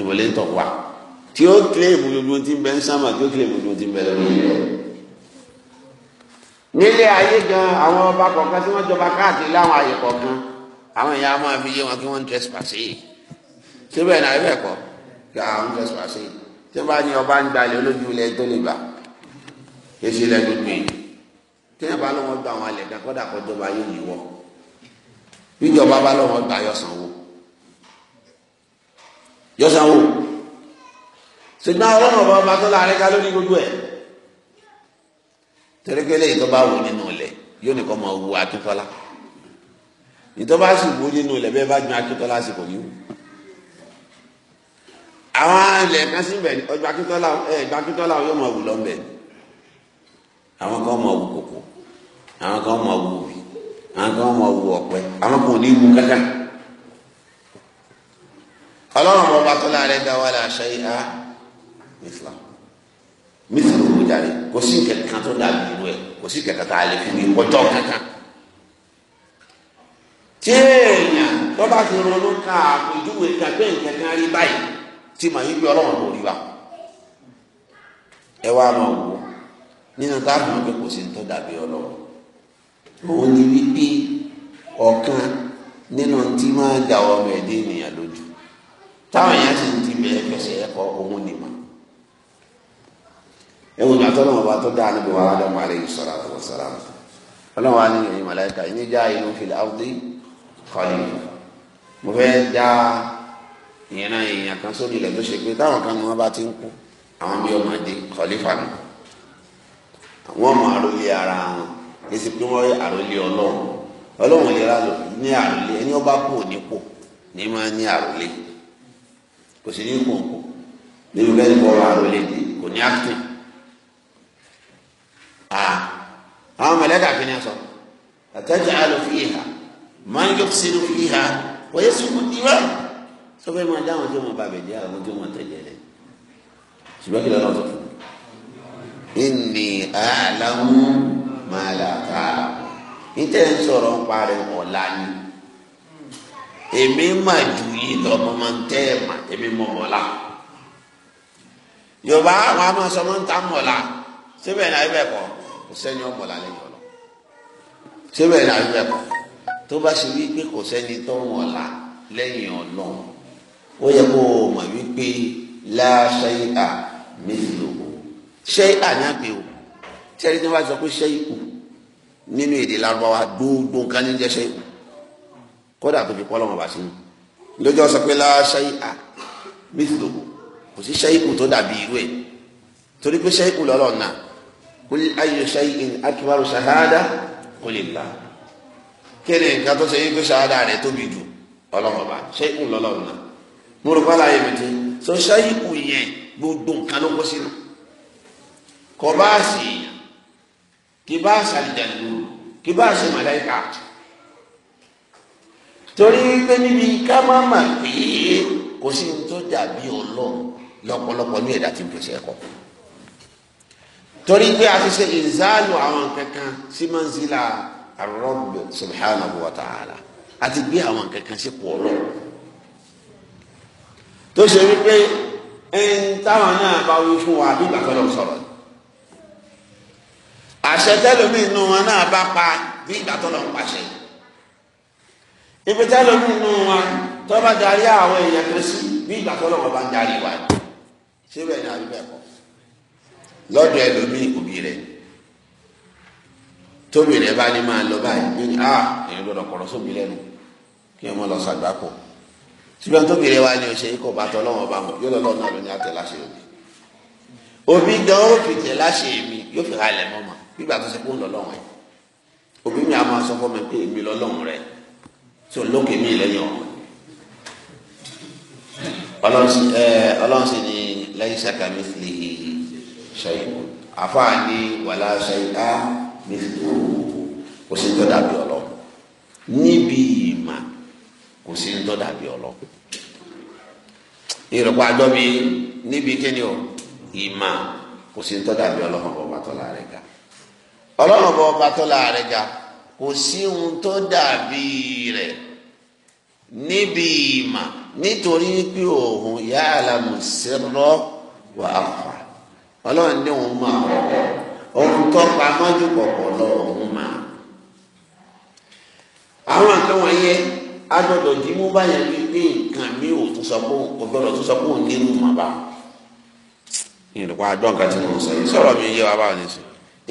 ìwọlé ń tọ̀ wá tí ó kílẹ̀ gbogbo ohun tí ń bẹ ní sámà tí ó kílẹ̀ gbogbo ohun tí ń bẹ lórí ilẹ̀ nílé ayé gan àwọn ọba kọ̀ọ̀kan tí wọ́n jọba káàkiri láwọn àyè kọ̀ọ̀kan àwọn èèyàn máa fi yé wọn kí wọ́n ń trespass síbẹ̀ náà ibẹ̀ kọ́ kí àwọn ń trespass téèyàn bá lọ́wọ́ gba àwọn alẹ̀ kan kọ́dà kọjọba yóò yí wọ níjọba bá lọ́wọ́ gba yọ̀sánwó yọ̀sánwó ṣùgbọ́n ọlọ́run ọba ọba tó láàrin ká lórí gbogbo ẹ̀ tẹ̀lékẹ́lẹ́ yìí tó bá wù nínú ilẹ̀ yóò nìkan máa wu akíntọ́lá ìtọ́ba sì wù nínú ilẹ̀ bẹ́ẹ̀ bá ju akíntọ́lá sì kò ní wù àwọn ilẹ̀ kan sí bẹ̀ ọjọ́ akíntọ́lá ẹ̀ ẹ̀jọ́ akíntọ́lá yóò máa wù lọ́nbẹ̀ẹ́ àwọn kan máa wù kòkó àwọn kan máa wù òbí àwọn kan máa wù ọ̀pẹ àwọn kan ò ní wù kankan. ọlọ́run ọba tó láàrin dá wà láṣẹ ìhà mìsìlá mìsìlá òwò jáde kò sí kankan tó dàbí irú ẹ kò sí kankan tá a lè fi ní ọjọ́ kankan. tí tó bá ti ronú ká àpèjúwe kàgbé nǹkan kan rí báyìí tí màá yí pé ọlọ́run kò rí wa ẹ wá máa wò ó nínú táàbù wọn pé kò sí tó dàbí ọlọ́run òun ni wípé ọ̀kan nínú tí máa ń da ọmọ ẹ̀dẹ́ ènìyàn lójú táwọn èèyàn sì ń ti bẹ̀rẹ̀ fẹsẹ̀ ẹ̀kọ́ òun ni mà ẹ̀wọ̀n ní àtọ́nà ọba tó dáa níbi wàhálà dọ́mọ àlẹ́ yìí sọ̀rọ̀ àtọ̀wọ̀ sọ̀rọ̀ àtọ̀ ọlọ́run á ní ìròyìn màláìka ìní já inú fìlà áwùdí kọ́lé mo fẹ́ dá ìyẹn náà èèyàn kan sórí ilẹ̀ tó ṣe pé táwọn kan ni wọ́n bá ti ń kú àwọn bí ọmọdé kọ́lé fàánù wọ́n mọ àròlé ara wọn èsì pé wọ́n rí àròlé ọlọ́run ọlọ́run lè ra lò ní àròlé ẹni ọba kò nípò ní máa ní àròlé kò sí ní kòkò nínú bẹ́ẹ̀ ni kò wá àròlé dé kò ní ákítì àwọn mẹlẹ́kà kìíní sọ ataj'alu fiha man yufsidu fiha wa yasfiku diman sọ fẹ́ máa dá tí wọ́n bá bẹ̀ jẹ́ àwọn tí wọ́n tẹ̀lé rẹ̀ ṣùgbọ́n kí lọ́nà sọ fún ìní àlàmú màlàkà níta ń sọ̀rọ̀ ń parẹ́ ọ̀la ni èmi mà jù yìí lọ́mọ máa ń tẹ́ ẹ̀ mà èmi mọ̀ ọ̀la yorùbá àwọn àmọ́ sọmọ ń ta mọ̀la síbẹ̀ náà ibẹ̀ kọ́ kò sẹ́ni ọ̀mọ̀la lẹ́yìn ọ̀la síbẹ̀ náà ibẹ̀ kọ́ tó bá ṣe wípé kò sẹ́ni tó mọ̀la lẹ́yìn ọ̀nà ó yẹ kó o mọ̀ wípé láṣẹ́yà mélòó ṣé àyàgbé o ṣẹ́ni tí wọ́n bá sọ pé ṣé ikú nínú èdè Lárúbáwá gbogbo nǹkan ní jẹ́ ṣé ikú kódà tó fi kọ́ lọ́mọba sí mi lójú ọsọ pé láṣẹ ìhà mísìlòbò kò sí ṣe ikú tó dàbí irú ẹ̀ torí pé ṣe ikú lọ́lọ́ náà kul ayyu shay'in akbaru ṣahada kò lè gbà kéde nǹkan tó ṣe yí pé ṣahada rẹ̀ tóbi jù ọlọ́mọba ṣe ikú lọ́lọ́ náà mo rò pálá yẹn mi ti so ṣe ikú yẹn gbogbo nǹkan ló kó sínú kò bá ṣe èèyàn kì bá ṣàlìjàlú kì bá ṣe màláìka torí pé níbi ká má mà pé kò sí ní tó dàbí ọlọ́run lọ́pọ̀lọpọ̀ ní ẹ̀dá tí ń pèsè ẹ̀kọ́ torí pé a ti ṣe ìzáàlù àwọn kankan sí manzila ar-Rabb subhanahu wa ta'ala a ti gbé àwọn kankan sí pọ̀ ọlọ́run tó ṣe wípé ẹni táwọn náà bá wí fún wa bí bàtọ́ lọ sọ̀rọ̀ ni àṣẹ tẹlómi inú wọn náà bá pa bí ìgbà tó lọ ń pàṣẹ ibi tẹlómi inú wọn tó bá darí àwọn èèyàn tó sí bí ìgbà tó lọ wọn bá ń darí wa ṣé bẹ́ẹ̀ ni àbí bẹ́ẹ̀ kọ́ lọ́dọ̀ ẹlòmíì òbí rẹ̀ tóbi rẹ̀ bá ní máa lọ báyìí ní à ah, èyí gbọ́dọ̀ kọ̀rọ̀ sóbi lẹ́nu kí ẹ mọ́ lọ sàgbákò ṣùgbọ́n tóbi rẹ̀ wá ní oṣù yìí kò bá tọ́ lọ́wọ́ bá wọn yóò lọ́ọ́ náà ló ní àtẹ láṣẹ òbí òbí gan ó fìtẹ̀ láṣẹ mi yóò fi halẹ̀ mọ́ gbígbà tó ṣe kó ń lọ lọ́wọ́ ẹ̀ òbí mi a máa sọ fún mi pé èmi lọ lọ́wọ́ rẹ̀ tó lókè mí lẹ́yìn ọ̀hún ọlọ́sìn ẹ ọlọ́sìn ni lẹ́yìn sàkà mi fi lè ṣẹ́yìn àfáà ní wàlá ṣẹ́yìn á mi fi lè kò sí tó dàbí ọlọ́ níbi ìmà kò sí tó dàbí ọlọ́ ìrọ̀pá àjọ mi níbi kíni o ìmà kò sí tó dàbí ọlọ́ fún ọba tó lára ẹ̀ ọlọ́run bọ ọba tó láàrẹ ga kò sí ohun tó dàbí rẹ̀ níbi ìmà nítorí pé òun ìyá àlàmùsírọ́ wà á fà ọlọ́run ní òun máa ohun tó pamọ́ jù pọ̀pọ̀ lọ òun máa. àwọn nǹkan wọ̀nyẹn agbọ́dọ̀ jí mú báyẹn ní ní nǹkan mi ò tún sọ pé kò gbọ́dọ̀ tún sọ pé òun nínú màbá. ìrìnkà àjọ nǹkan tí mo sọ yìí sọ̀rọ̀ mi yé wa báwo ni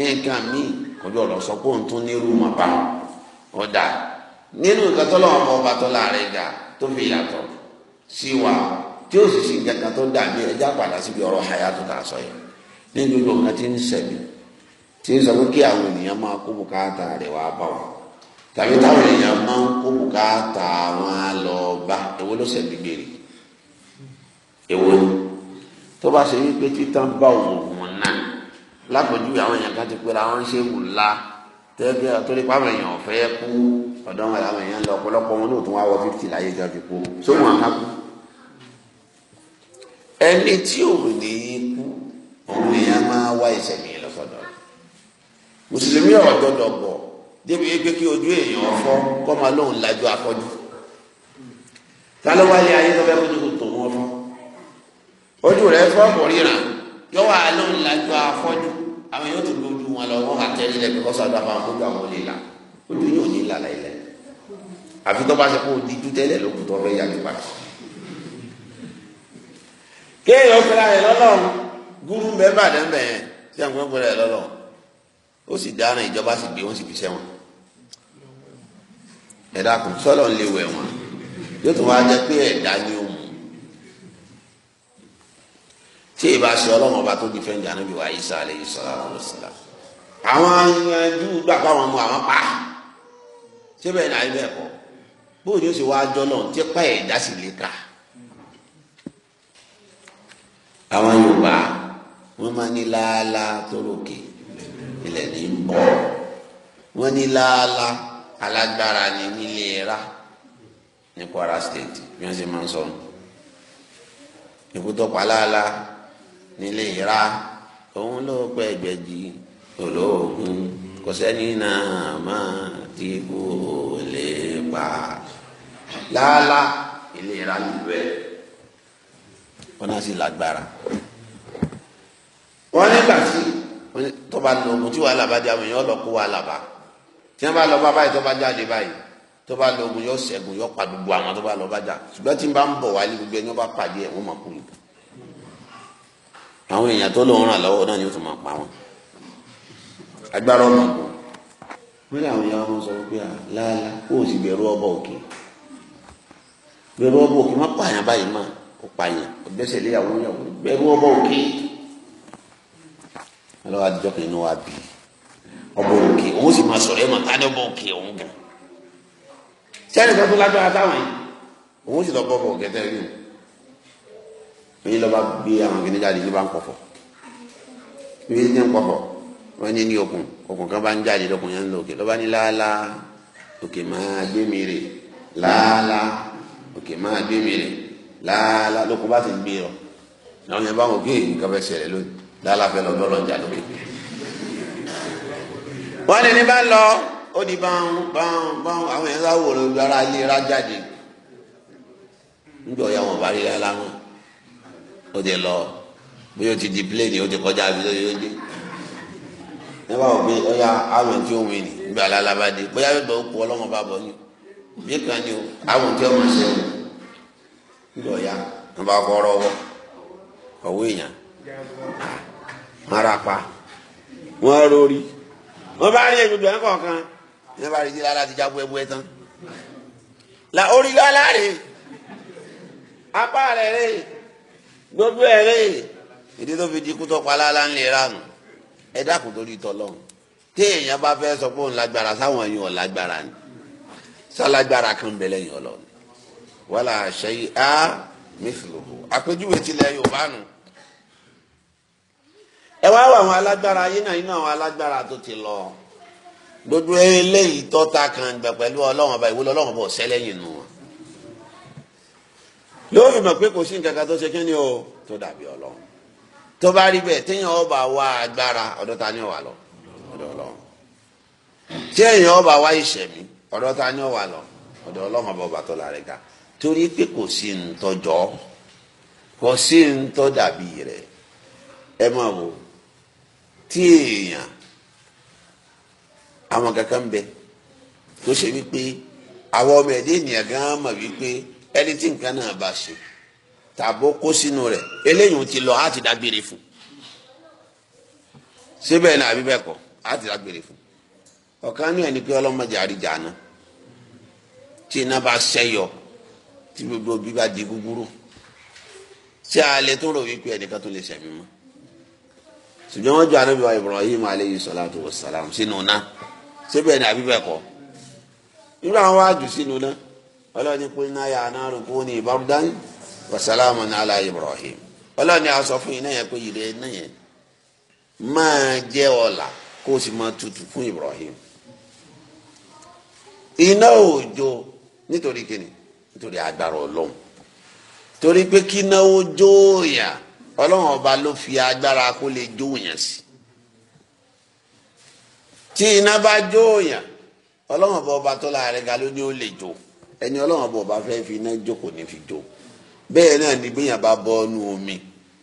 nǹkan míì kọjú ọ̀rọ̀ sọ pé òun tún nírú mọ̀ bá ọ̀dà nínú nǹkan tó lọ́wọ́ ọmọ ọba tó láàrin ga tó fi yàtọ̀ sí wa tí ó sì sí nǹkan tó dàbí ẹja padà síbi ọ̀rọ̀ hayatu tá a sọ yẹn ní gbogbo nǹkan tí ń sẹ̀mí tí ń sọ pé kí àwọn ènìyàn máa kó bùkátà rẹ̀ wá bá wa tàbí táwọn èèyàn máa ń kó bùkátà wọn lọ bá èwo ló sẹ̀mí gbèrè èwo tó bá ṣe wípé títàn bá òun lápèjúwe àwọn èèyàn kan ti pera wọn ṣe wù ńlá tẹ́gẹ́ àtọ́lé pa àwọn èèyàn fẹ́ kú ọ̀dọ́ wọn làwọn èèyàn lọ ọ̀pọ̀lọpọ̀ wọn náà tún wá wọ fífitì láyé gan fi kú sóhun àkàkù. ẹni tí òun ní í kú òun èèyàn máa wá ìṣẹ̀mí lọ́sọ̀dọ̀ mùsùlùmí ọ̀dọ́dọ̀ bọ̀ débi pé kí ojú èèyàn fọ́ kọ́ máa lóun lajú afọ́jú ta ló wáyé ayé tó fẹ́ kó ojú rẹ̀ fọ́ kò ríran yọ wà lóun lajú afọ́jú àwọn yóò tó lójú wọn lọ wọn àtẹ́rí lẹ bí kọ́sọ́ àdúrà máa ń bójú àwọn olè la ojú yóò ní ìlànà ilẹ̀ àfi tó bá ṣe kó di dúdú tẹ́lẹ̀ lókun tó fẹ́ yàgbé padà. kéèyàn pẹ̀lú àyẹ̀ lọ́lọ́run gúrú mẹ́fà dẹ́mbẹ̀ yẹn sí àwọn pẹ̀lú àyẹ̀ lọ́lọ́run ó sì dáná ìjọba sì gbé wọn sì fi sẹ́wọ̀n ẹ̀dá kò sọ́lọ́ ń lé wẹ̀ wọn yóò tó wá jẹ́ pé ẹ̀dá ni tí bá ṣe ọlọ́run tó di fẹ́ ń jà níbi wàá Isa alayhi salatu wassalam àwọn ayanjú gbà báwọn mú àwọn pa ṣé bẹ́ẹ̀ ibẹ̀ kọ́ bóyá ó sì wá jọ náà tí pa lè ka àwọn Yorùbá wọn máa ní láàlá Kwara state bí wọn máa nílé ìra òun ló pẹ́ gbẹ̀jì olóògùn kò sẹ́ni náà máa tí kò lè pa lálá ilé ìra nílùú ẹ̀ wọn náà sì lágbára wọn nígbà tí tó bá lọ ogun tí wàhálà bá dé àwọn èèyàn lọ kó wàhálà bá tí wọn bá lọ bá báyìí tó bá jáde báyìí tó bá lọ ogun yóò ṣẹ́gun yóò pa gbogbo àwọn tó bá lọ bá jà ṣùgbọ́n tí n bá ń bọ̀ wálé gbogbo ẹni wọn bá pàdé ẹ̀ wọ́n máa kú nìkan àwọn èèyàn tó lóun ràn lọ́wọ́ náà ni ó tún máa pa wọn agbára ọ̀nà kù lórí àwọn èèyàn wọn sọ pé láàlá kó o sì bẹ̀rù ọba òkè bẹ̀rù ọba òkè má pààyàn báyìí má ó pààyàn ó gbẹ́sẹ̀ lé àwọn ìyàwó bẹ̀rù ọba òkè ọlọ́wọ́ adijọ́ kan inú wa bí ọba òkè òun sì máa sọ̀rọ̀ ẹ̀ máa tání ọba òkè òun gan sẹ́ni tó lágbára táwọn yìí òun sì lọ bọ́ ọba òkè ní lọ́ba bi ya kìnìún jáde ní bá ń pọ̀fọ̀ ní ní ń pọ̀fọ̀ wọ́n ní ní okùn okùn kan bá ń jáde lọ́kùn yẹn ń lọ òkè lọ́ba ní láàlá òkè máa gbé mi rè láàlá òkè máa gbé mi rè láàlá lókun bá ti gbé ọ làwọn yẹn bá wọn gbé nǹkan fẹ́ ṣẹlẹ̀ lónìí láàlá lọ lọ́lọ́ ìjà lókè. wọ́n ní lọ ó di báwọn báwọn báwọn àwọn yẹn sáwọ́ lórí ara ilé ra jáde níjọ́ ya wọn bá rí lára wọn. O ti lọ bóyá ó ti di pléènì ó ti kọjá àbí tó yóò dé nígbà wò pé ọyà àwọn tí ó wìn ní nígbà alábá dé bóyá yóò gbọ́ kú ọlọ́mọ bá bọ̀ ní bí kan ni o àwọn tí ó mọ̀ ṣe o nígbà ọ̀yà wọn bá kọ́ ọ̀rọ̀ wọ ọ̀wọ́ èèyàn marapa wọn rori wọn bá rí egbègbè ẹ̀ kọ̀ọ̀kan ní wọn bá rí ìdílé aláàtijọ́ abúẹ́bú ẹ̀ tán la orí lọ́la rè apá rẹ̀ rè. gbogbo ẹ ìdí tó fi di ikú tó pa ń lè ránu ẹ dákun tí èèyàn bá fẹ́ sọ pé sáwọn ni kan bẹ lẹ́yìn ọlọ́run wàlà àpèjúwe yorùbá nù. ẹ wá wà àwọn alágbára yín náà alágbára tó ti lọ gbogbo kan gbẹ ọba ọba yóò fi mọ̀ pé kò sí nǹkan kan tó ṣe kí ni o tó dàbí ọlọ́run tó bá rí bẹ́ẹ̀ téèyàn ọba wá agbára ọ̀dọ̀ ta ni ó lọ wá ìṣẹ̀mí ta ni lọ la rẹ̀ ga torí pé kò sí ntọ́jọ́ kò sí ntọ́ dàbí rẹ̀ ẹ máa tí èèyàn àwọn kankan bẹ tó ṣe wípé àwọn ọmọ ẹni tí nǹkan náà bá ṣe tàbó kó sínú rẹ̀ eléyìí ti lọ á ti dágbére fún síbẹ̀ náà àbí bẹ́ẹ̀ kọ́ á ti dágbére fún ọ̀kan ní ẹni pé ọlọ́mọdé àríjà tí iná bá ṣẹyọ tí gbogbo bí bá di gúgúrú tí a tó rò wípé ẹnìkan tó lè ṣẹ̀mí mọ́ ṣùgbọ́n wọ́n jọ anábì wa Ibrahim aleyhi salatu wa salam sínú náà síbẹ̀ ní àbí bẹ́ẹ̀ kọ́ irú àwọn wájú sínú náà ọlọ́ni kulna ya naru kuni bardan wa salamun ala Ibrahim ọlọ́ni a sọ fún iná yẹn pé ìrẹ́ iná yẹn máa jẹ́ ọ̀la kó o sì máa tutù fún Ibrahim iná òjò nítorí kíni nítorí agbára Ọlọ́run torí pé kíná òjò yà Ọlọ́run ọba ló fi agbára kó lè jó yàn sí tí iná bá jó yàn Ọlọ́run ọba ọba tó láàrin ga ló ní ó lè jó ẹni ọlọ́run bọ̀ bá fẹ́ fi iná jó kò ní fi jó bẹ́ẹ̀ náà ni gbìyàn bá bọ́ nu omi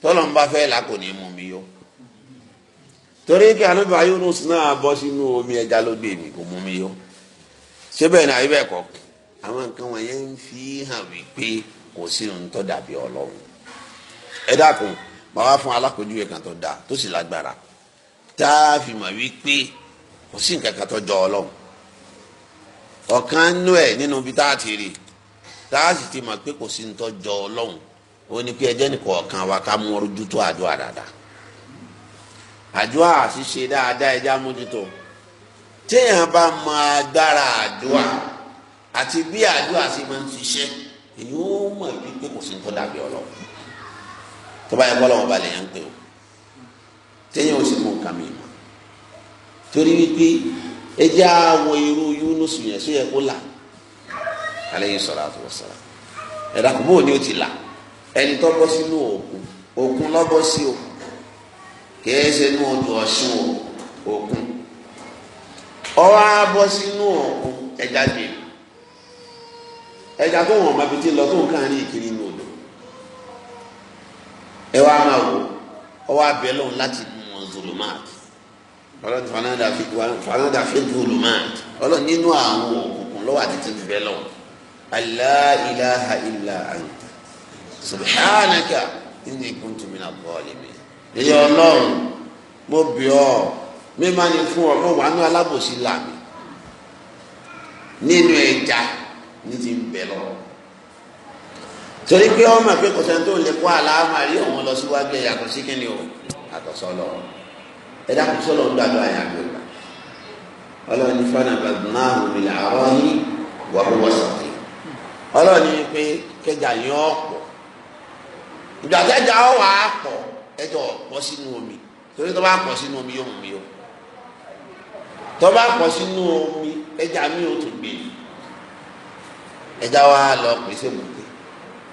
tọ́lọ́run bá fẹ́ là kò ní mú mi yó torí kí anábìá Yunus náà bọ́ sínú omi ẹja ló gbé mi kò mú mi yó ṣé bẹ́ẹ̀ náà ibẹ̀ kọ́ àwọn nǹkan wọ̀nyẹn ń fi hàn wípé kò sí ohun tó dàbí ọlọ́run ẹ dákun màá wá fún alákòójúwe kan tó dáa tó sì lágbára tá a fi mọ̀ wípé kò sí nǹkan kan tó jọ ọlọ́run ọ̀kan nú ẹ̀ nínú ibi tá a ti rí tá a sì ti mọ̀ pé kò sí ní tọ́jọ́ ọlọ́run ó ní pé ẹjẹ́ nìkan ọ̀kan wa ká mú ojú tó àdúrà dáadáa àdúrà ṣíṣe dáadáa ẹjẹ́ amójútó téèyàn bá mọ agbára àdúrà àti bí àdúrà ṣe máa ń ṣiṣẹ́ èyí ó mọ̀ bí pé kò sí ní tọ́jà bí ọlọ́run tó bá yẹ kọ́ lọ́wọ́ balẹ̀ yẹn ń pè ó téèyàn ò sì mú nǹkan mi mọ́ torí wípé ẹ jẹ́ àwọn irú Yúnúsù yẹn sóyẹ kó là alayhi salatu wassalam ẹ̀dá kò bóun ni ó ti là ẹni tó bọ́ sínú òkun òkun ló bọ́ sí o kìí ṣe inú odò Ọ̀ṣun o òkun ọwọ́ á bọ́ sínú òkun ẹja bìrì ẹja tó wọn máa fi ti tó nǹkan rí ìkiri inú odò ẹ wá máa wò ọwọ́ abẹ́ lọ́hùn láti mọ̀ zolomáàtì ọlọ́run fanada fi dulumat ọlọ́run nínú àwọn òkùnkùn lọ́wọ́ àti ti bẹ́ẹ̀ lọ la ilaha illa anta subhanaka inni kuntu mina zalimin. èyí ọlọ́run mo bì ọ́ mímá ni fún ọ mo wà ní alábòsí làmì nínú ẹja ní ti bẹ́ẹ̀ lọ. torí pé ọmọ pé tó lè kó àlàáfà rí òun lọ síwájú ẹ̀yà kò sí kíni o àtọ̀sọ́ lọ́wọ́ ẹ dákun sọlọ ń gbàdúrà yà gbẹgbà ọlọ́run ní fana gbàgbọ́n àwọn mi làárọ̀ ní wàhùn wọ́sọ̀tì ọlọ́run ní pé kẹjà yẹn ọ̀pọ̀ ìgbà kẹjà ọ̀ wà á pọ̀ ẹjọ́ pọ̀ sínú omi torí tó bá pọ̀ sínú omi yóò mú mi o tó bá pọ̀ sínú omi ẹja mi ò tún gbé ẹja wa lọ pèsè mùtẹ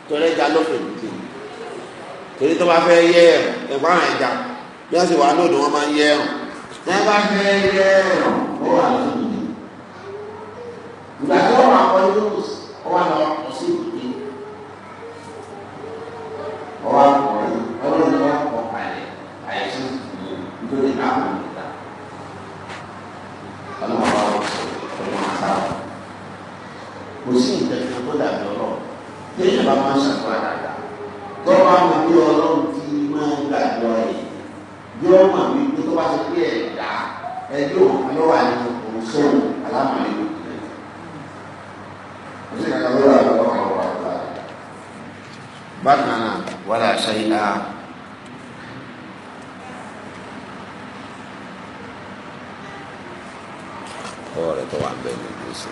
torí ẹja lọ mùtẹ torí tó bá fẹ́ yẹ ẹ̀kọ́ àwọn ẹja bí wọ́n sì wà lóòdù wọ́n máa ń yẹ ẹ̀rùn tí wọ́n bá fẹ́ yẹ ẹ̀rùn ó wà lóòdù ìgbà tí wọ́n máa kọ́ inú ó wà lọ kọ́ sí ìdí ó wà kọ́ ọdún tó wà kọ́ palẹ̀ àìsí nítorí àwọn ìta ọlọ́mọ bá wọ́n sọ ọdún wọn sá wọn kò sí ìtẹ̀kùn tó dàbí ọlọ́run tí èèyàn máa ń ṣàkóso àdàdà tó bá wọn bí ọlọ́run ti máa ń gbàgbọ́ ẹ̀ yóò mọ̀ mí pé tó bá ti pé ẹ̀dá ẹbí òun ló wà nínú òun sóhun alámọ̀lẹ́wò. ó sì kàkà lórí àwọn ọmọ àwọn àgbà. bákan náà wàlá ṣayílá. ọwọ́ rẹ̀ tó wà ń bẹ̀ ní ìgbésí.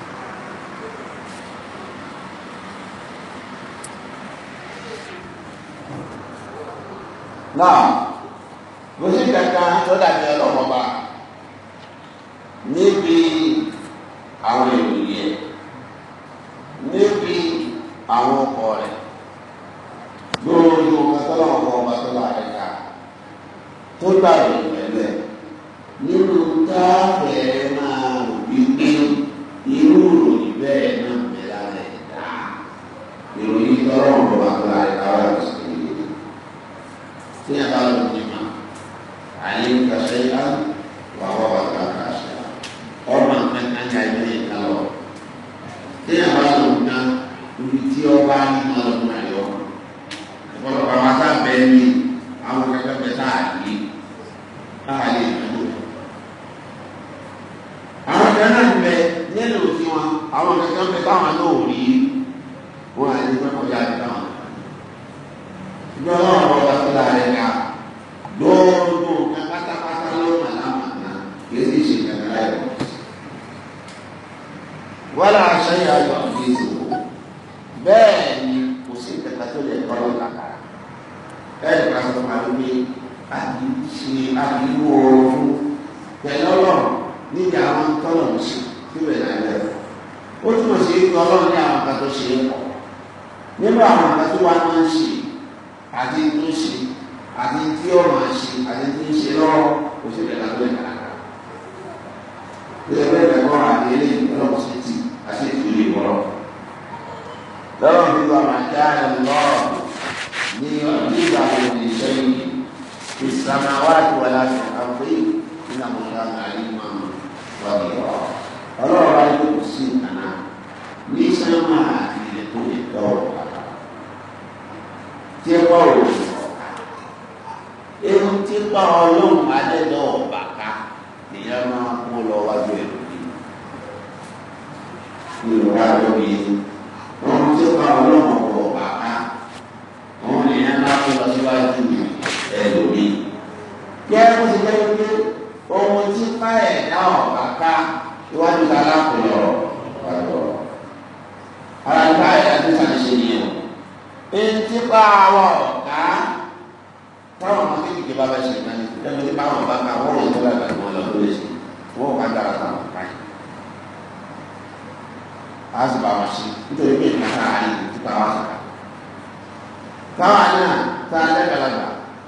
大家，左大家拢。sánmà ilẹ̀ tó lè gbọ́ ọ̀rọ̀ kàkà tí wọ́n ò lè ọ̀kà ewu tí pa ọlọ́run adẹ́dọ̀ ọ̀bà ká nìyẹn máa kó lọ wájú ẹ̀ lórí ìrora lórí ohun tí pa ọlọ́run ọ̀bà ká òun nìyẹn máa kó lọ síwájú ẹ̀ lórí bí ẹ kó ti jẹ́ pé ohun tí pa ẹ̀dá ọ̀bà ká ntipa àwọn ọ̀gá táwọn ọmọ kékeré bá bá ṣe náà ni ẹni tí báwọn bá ká wọ́n yóò lọ́la ìwọ lọ lórí ṣe wọ́n bá dára táwọn ọ̀gá yìí. a sì bá wọn ṣe nítorí pé ìgbà tá a rí nípa wọn sọ̀rọ̀. táwọn náà tá a lẹ́gbẹ̀lẹ́gbà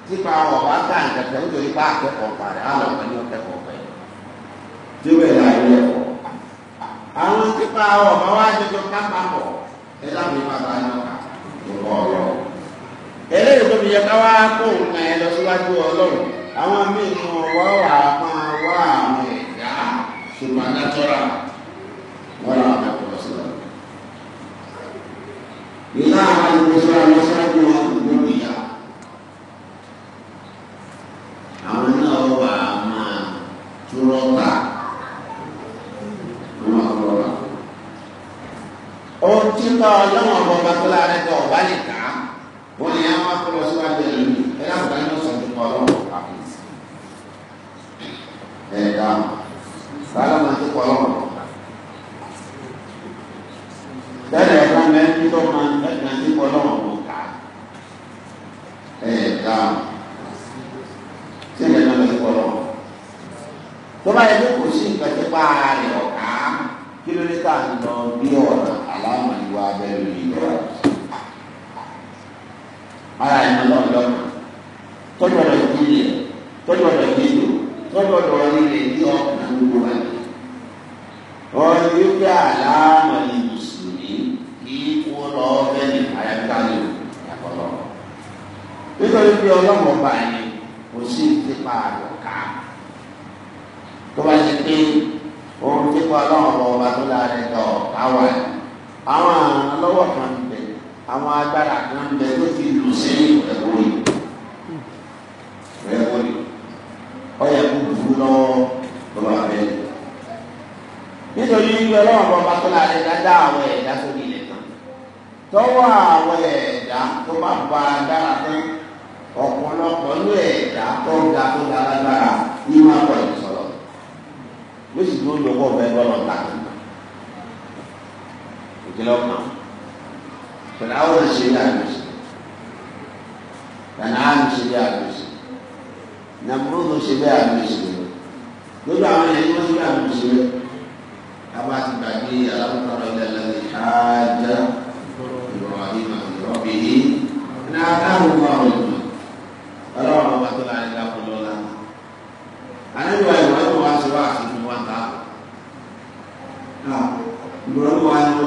nípa àwọn ọ̀gá ká ìkẹ̀kẹ́ nítorí pé akẹ́kọ̀ọ́ parẹ́ àwọn ọ̀gá ni wọ́n kẹ́kọ̀ọ́ pẹ̀. tí ó bẹ̀rẹ̀ láì lẹ̀ àwọn nípa àwọn ọ̀gá wá nǹkan ọlọ́run eléyìí tó fi yẹ ká wá kó nǹkan ẹ lọ síwájú ọlọ́run àwọn míì nù wá wà máa wá àwọn ẹ̀dá ṣùgbọ́n nájọ́ra wọ́n làwọn àpapọ̀ lọ́sọ̀rọ̀ ìlà àwọn ìgbésọ̀ lọ́sọ̀rọ̀ wọn lóbi ìyá àwọn náà wà máa túrọ́ bá wọ́n máa túrọ́ bá. ohun tí bá ọlọ́run. tó bá yẹ pé kò sí nǹkan tí pa rẹ̀ ọ̀ká kí ló dé tá à ń lọ bí ọ̀nà aláàmọ̀ ìwà abẹ́rẹ́ yìí lọ́wọ́. ara ìmọ̀ náà lọ́nà tọ́jú ọ̀nà ìdílé tọ́jú ọ̀nà ìdílé tọ́jú ọ̀nà ìdílé ní ọ̀nà gbogbo wa. ọ̀rọ̀ yìí pé aláàmọ̀ ni mùsùlùmí kì í kú lọ bẹ́ẹ̀ni àyàkà ni ìyàkọ̀ lọ. nítorí pé ọlọ́mọba yìí kò sí ìtẹ́pà àgbọ̀ká yẹn pé ohun pípa ọlọ́run ọba ọba tó lára ẹ̀ dọ̀ káwa ẹ̀ àwọn ọlọ́wọ́ kan ń bẹ àwọn agbára kan ń bẹ tó fi lù sẹ́yìn ẹ̀kọ́ yìí ẹ̀kọ́ yìí ọyẹ kó burú lọ́wọ́ lọ́wọ́ abẹ́ nítorí wípé ọlọ́run ọba ọba tó lára dáadáa àwọn ẹ̀dá tó nílẹ̀ tọwọ́ àwọn ẹ̀dá tó bá ba dára tán ọ̀pọ̀lọpọ̀ ló ẹ̀dá tó ga tó lágbára ní máa pọ̀ yóò sì dúró lọ́wọ́ ọ̀bẹ lọ́nà ta ìjìnlẹ̀ ọ̀kan pẹ̀lú àwọn ìṣe ní àgbèsè pẹ̀lú àwọn ìṣe ní àgbèsè nàmúrúdù ṣe bẹ́ẹ̀ àgbèsè lójú àwọn ẹ̀yẹ wọ́n ṣe bẹ́ẹ̀ àgbèsè rẹ̀ kábà ti gbàgbé alámùtọ́rọ̀ ilẹ̀ lẹ́yìn káàjá ìrọ̀lẹ́ ìrọ̀bì yìí ní adáhùn ọ̀rọ̀ ọ̀rọ̀ ọ̀rọ̀ ọ̀rọ̀ ọ̀rọ̀ ọ̀rọ̀ ọ̀rọ̀ ọ̀rọ̀ 你们玩。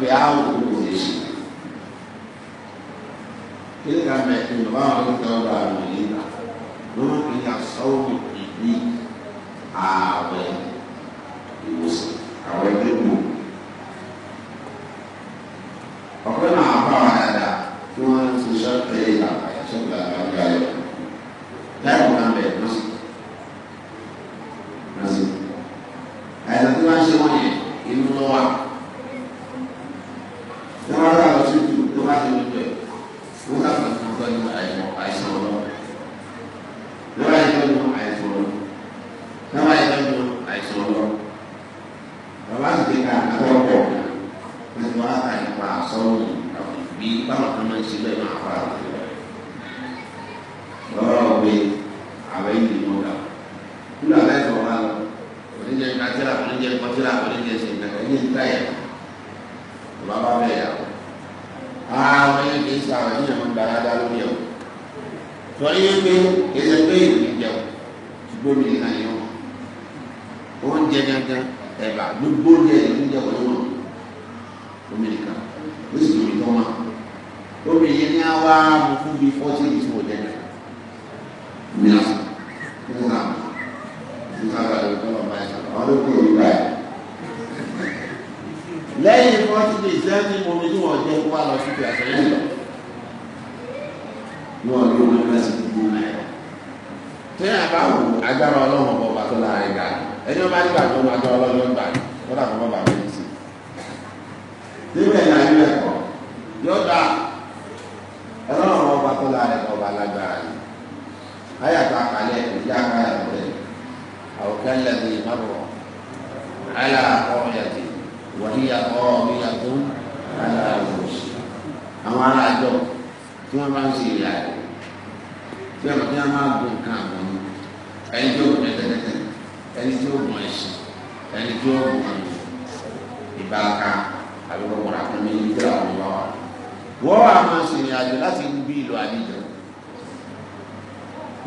pé àwọn olùkọ́ lè ṣe kí ni ká mẹ ìjọba àwọn olùkọ́ ọ̀dọ̀ àrùn yìí nà lórí ìyá sọ́ọ̀bù ìdí ààwẹ̀ ìwòsàn àwọn ẹgbẹ́ gbòó.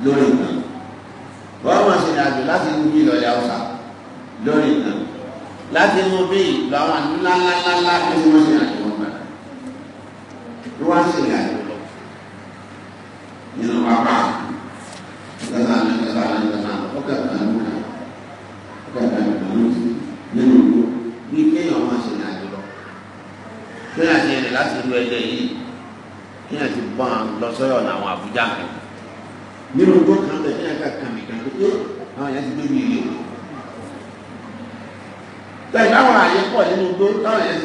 lórí nǹkan wọ́n mọ̀ sí ìrìnàjò láti inú bí ìlọ̀lẹ̀ ọ̀sà lórí nǹkan láti inú bí ìlọ àwọn àdúrà ńláńláńlá tó ti wọ́n sí ìrìnàjò wọn gbà ló wá sí ìrìnàjò lọ nínú pápá ìgbàlá ìgbàlá ìgbàlá ọkọ̀ kan ló kà ọkọ̀ kan ló kà nínú ìlú bí kéèyàn máa sí ìrìnàjò lọ kéèyàn ti rìn láti inú ẹgbẹ́ yìí kéèyàn ti bọ́n lọ sọ́yọ̀ ní nínú ọjọ́ kan bẹ̀ ní àgbà kan nìkan tó àwọn èèyàn ti gbé mi yìí. Tẹ̀síwájú àyè pọ̀ nínú ọjọ́ táwọn èèyàn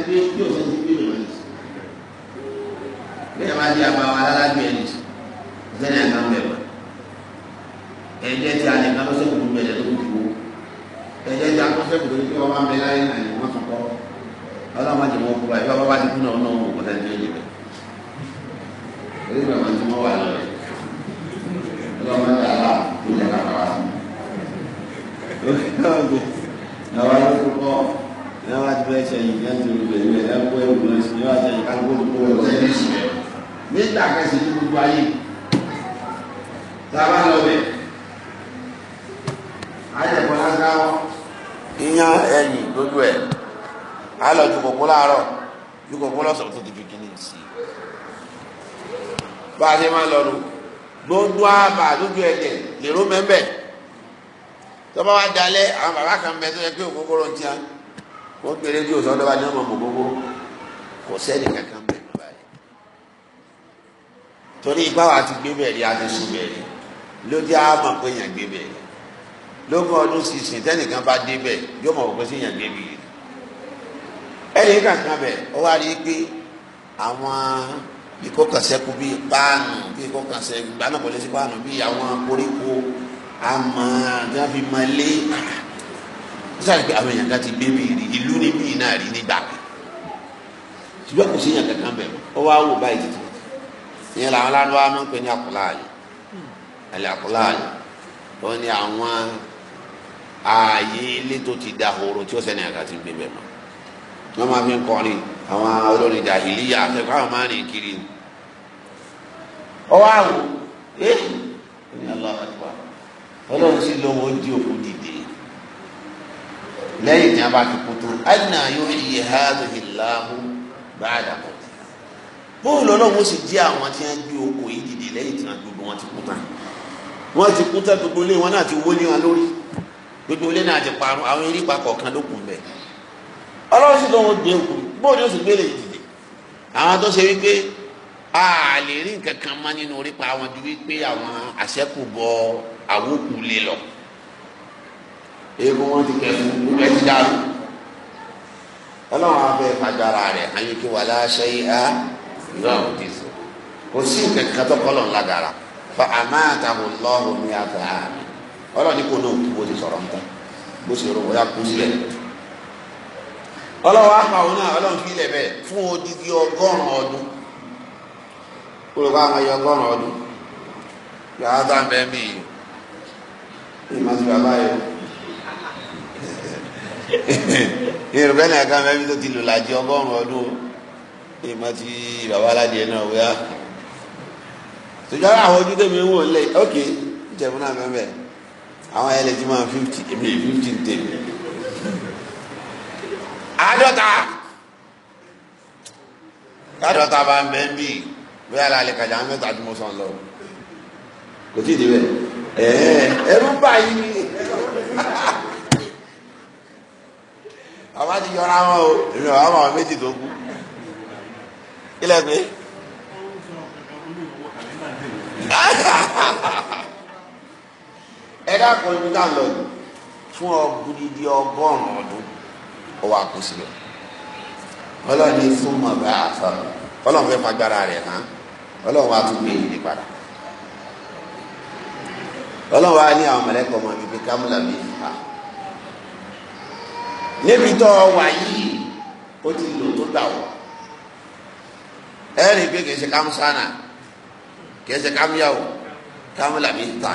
lójú ẹ̀jẹ̀ lèrò mẹ́mbẹ́ tọ́ba wa dalẹ̀ àwọn bàbá kan bẹ tó yẹ pé òkókóró ń tiá wọ́n gbére bí òsán dọ́ba ní ọmọ òkókóró kò sẹ́ni kankan bẹ̀ ní báyìí torí ipá wa ti gbé bẹ̀rẹ̀ a ti sùn bẹ̀rẹ̀ lójú àmọ̀ pé yàn gbé bẹ̀rẹ̀ lógún ọdún sísìn tẹ́nìkan bá dé bẹ̀ yóò mọ̀ pé sí yàn gbé bẹ̀rẹ̀ ẹnì kankan bẹ̀ ọ wá rí pé àwọn bí kò kàn sẹ́kù bí páànù bí kò kàn sẹ́kù gbaná kò lè sí páànù bí àwọn koríko àmọ́ àgbàfi máa lé sáré pé àwọn èèyàn kan ti gbé bìrì ìlú ní bìrì náà rí nígbà ṣùgbọ́n kò sí èèyàn kankan bẹ̀ ọ wá wò báyìí títí ìyẹn làwọn aláwọ̀ máa ń pè ní àkùláàyè àlẹ́ àkùláàyè wọ́n ní àwọn ààyè ilé tó ti dahoro tí ó sẹ́ni àgàtì gbé bẹ̀ ní wọ́n fi ń kọrin àwọn olórin jàhìlíyà àtẹ̀kọ́ àwọn máa rìn ni. ọwọ́ àwọ̀ ẹ́ ní aláwọ̀ ọlọ́run sì lọ́wọ́ di òkú dìde lẹ́yìn tí a bá ti kú tó ẹ̀nà yóò yí hàdùhì láàmú bá a bóòlù ọlọ́run ó àwọn tí wọ́n gbé oko yìí dìde lẹ́yìn gbogbo wọn ti kú tán wọ́n ti kú gbogbo ilé wọn náà ti wó ní wọn gbogbo ilé náà ti parun àwọn ló kù ọlọ́run sì lóun gbé òkú bó ni ó sì gbélé ìdìde àwọn tó ṣe wípé a lè rí nǹkan kan mọ́ nínú orípa wọn ju wípé àwọn àṣẹ́kù bọ àwòkù lè lọ eégún wọn ti kẹfù gbogbo ẹ ti dàrú ọlọ́run afẹ́ fagbára rẹ̀ ayé kí wàlá ṣe é ìlú àwọn ti sọ kò sí nǹkan kan tó kọ́ lọ́n lágara fa amáàtàwò lọ́hùn ní àtàwọn ọlọ́run ní kò náà kú bó ti sọ̀rọ̀ nǹkan bó ti rò wọ́n yá kú sílẹ̀. ọlọ́wọ́ apàwọn náà ọlọ́run fi ilẹ̀ fún odidi ọgọ́rùn-ún ọdún olùkọ́ àwọn ẹyọ ọgọ́rùn-ún ọdún yàrá tá à ń bẹ́ẹ̀ mí yìí ìmọ̀ sí yorùbá tó ti lò láti ọgọ́rùn-ún ọdún ìmọ̀ aládìẹ náà wíyá tòjọ́ àwọn ojú tèmi ń wò lẹ́yìn ókè àwọn máa èmi tèmi. àádọ́ta àádọ́ta bá ń bẹ́ ń bì bí alálẹ́ kàjá mẹ́ta tí mo sàn lọ kò tí ì débẹ̀ ẹ̀rú báyìí ni àwọn ti yọra wọn o èmi àwọn àwọn méjì tó kú ilẹ̀ pé ẹ dákun ibi tá lọ fún ọgbìn di ọgọ́rùn ọdún ó wá kú síbẹ̀ ọlọ́ọ̀ni fún mọ̀gá àfọ̀rọ̀ ọlọ́ọ̀n fẹ́ fagbára rẹ̀ hàn ọlọ́ọ̀n wa tún gbé ìdí padà ọlọ́ọ̀n wa ní àwọn mọ̀lẹ́kọ̀ ọmọ mi pé kámúlà mi fà níbi tó wà yìí ó ti lò tó gbà wọ́ ẹ rí pé kì í ṣe kámúsánà kì í ṣe kámúlà mi tà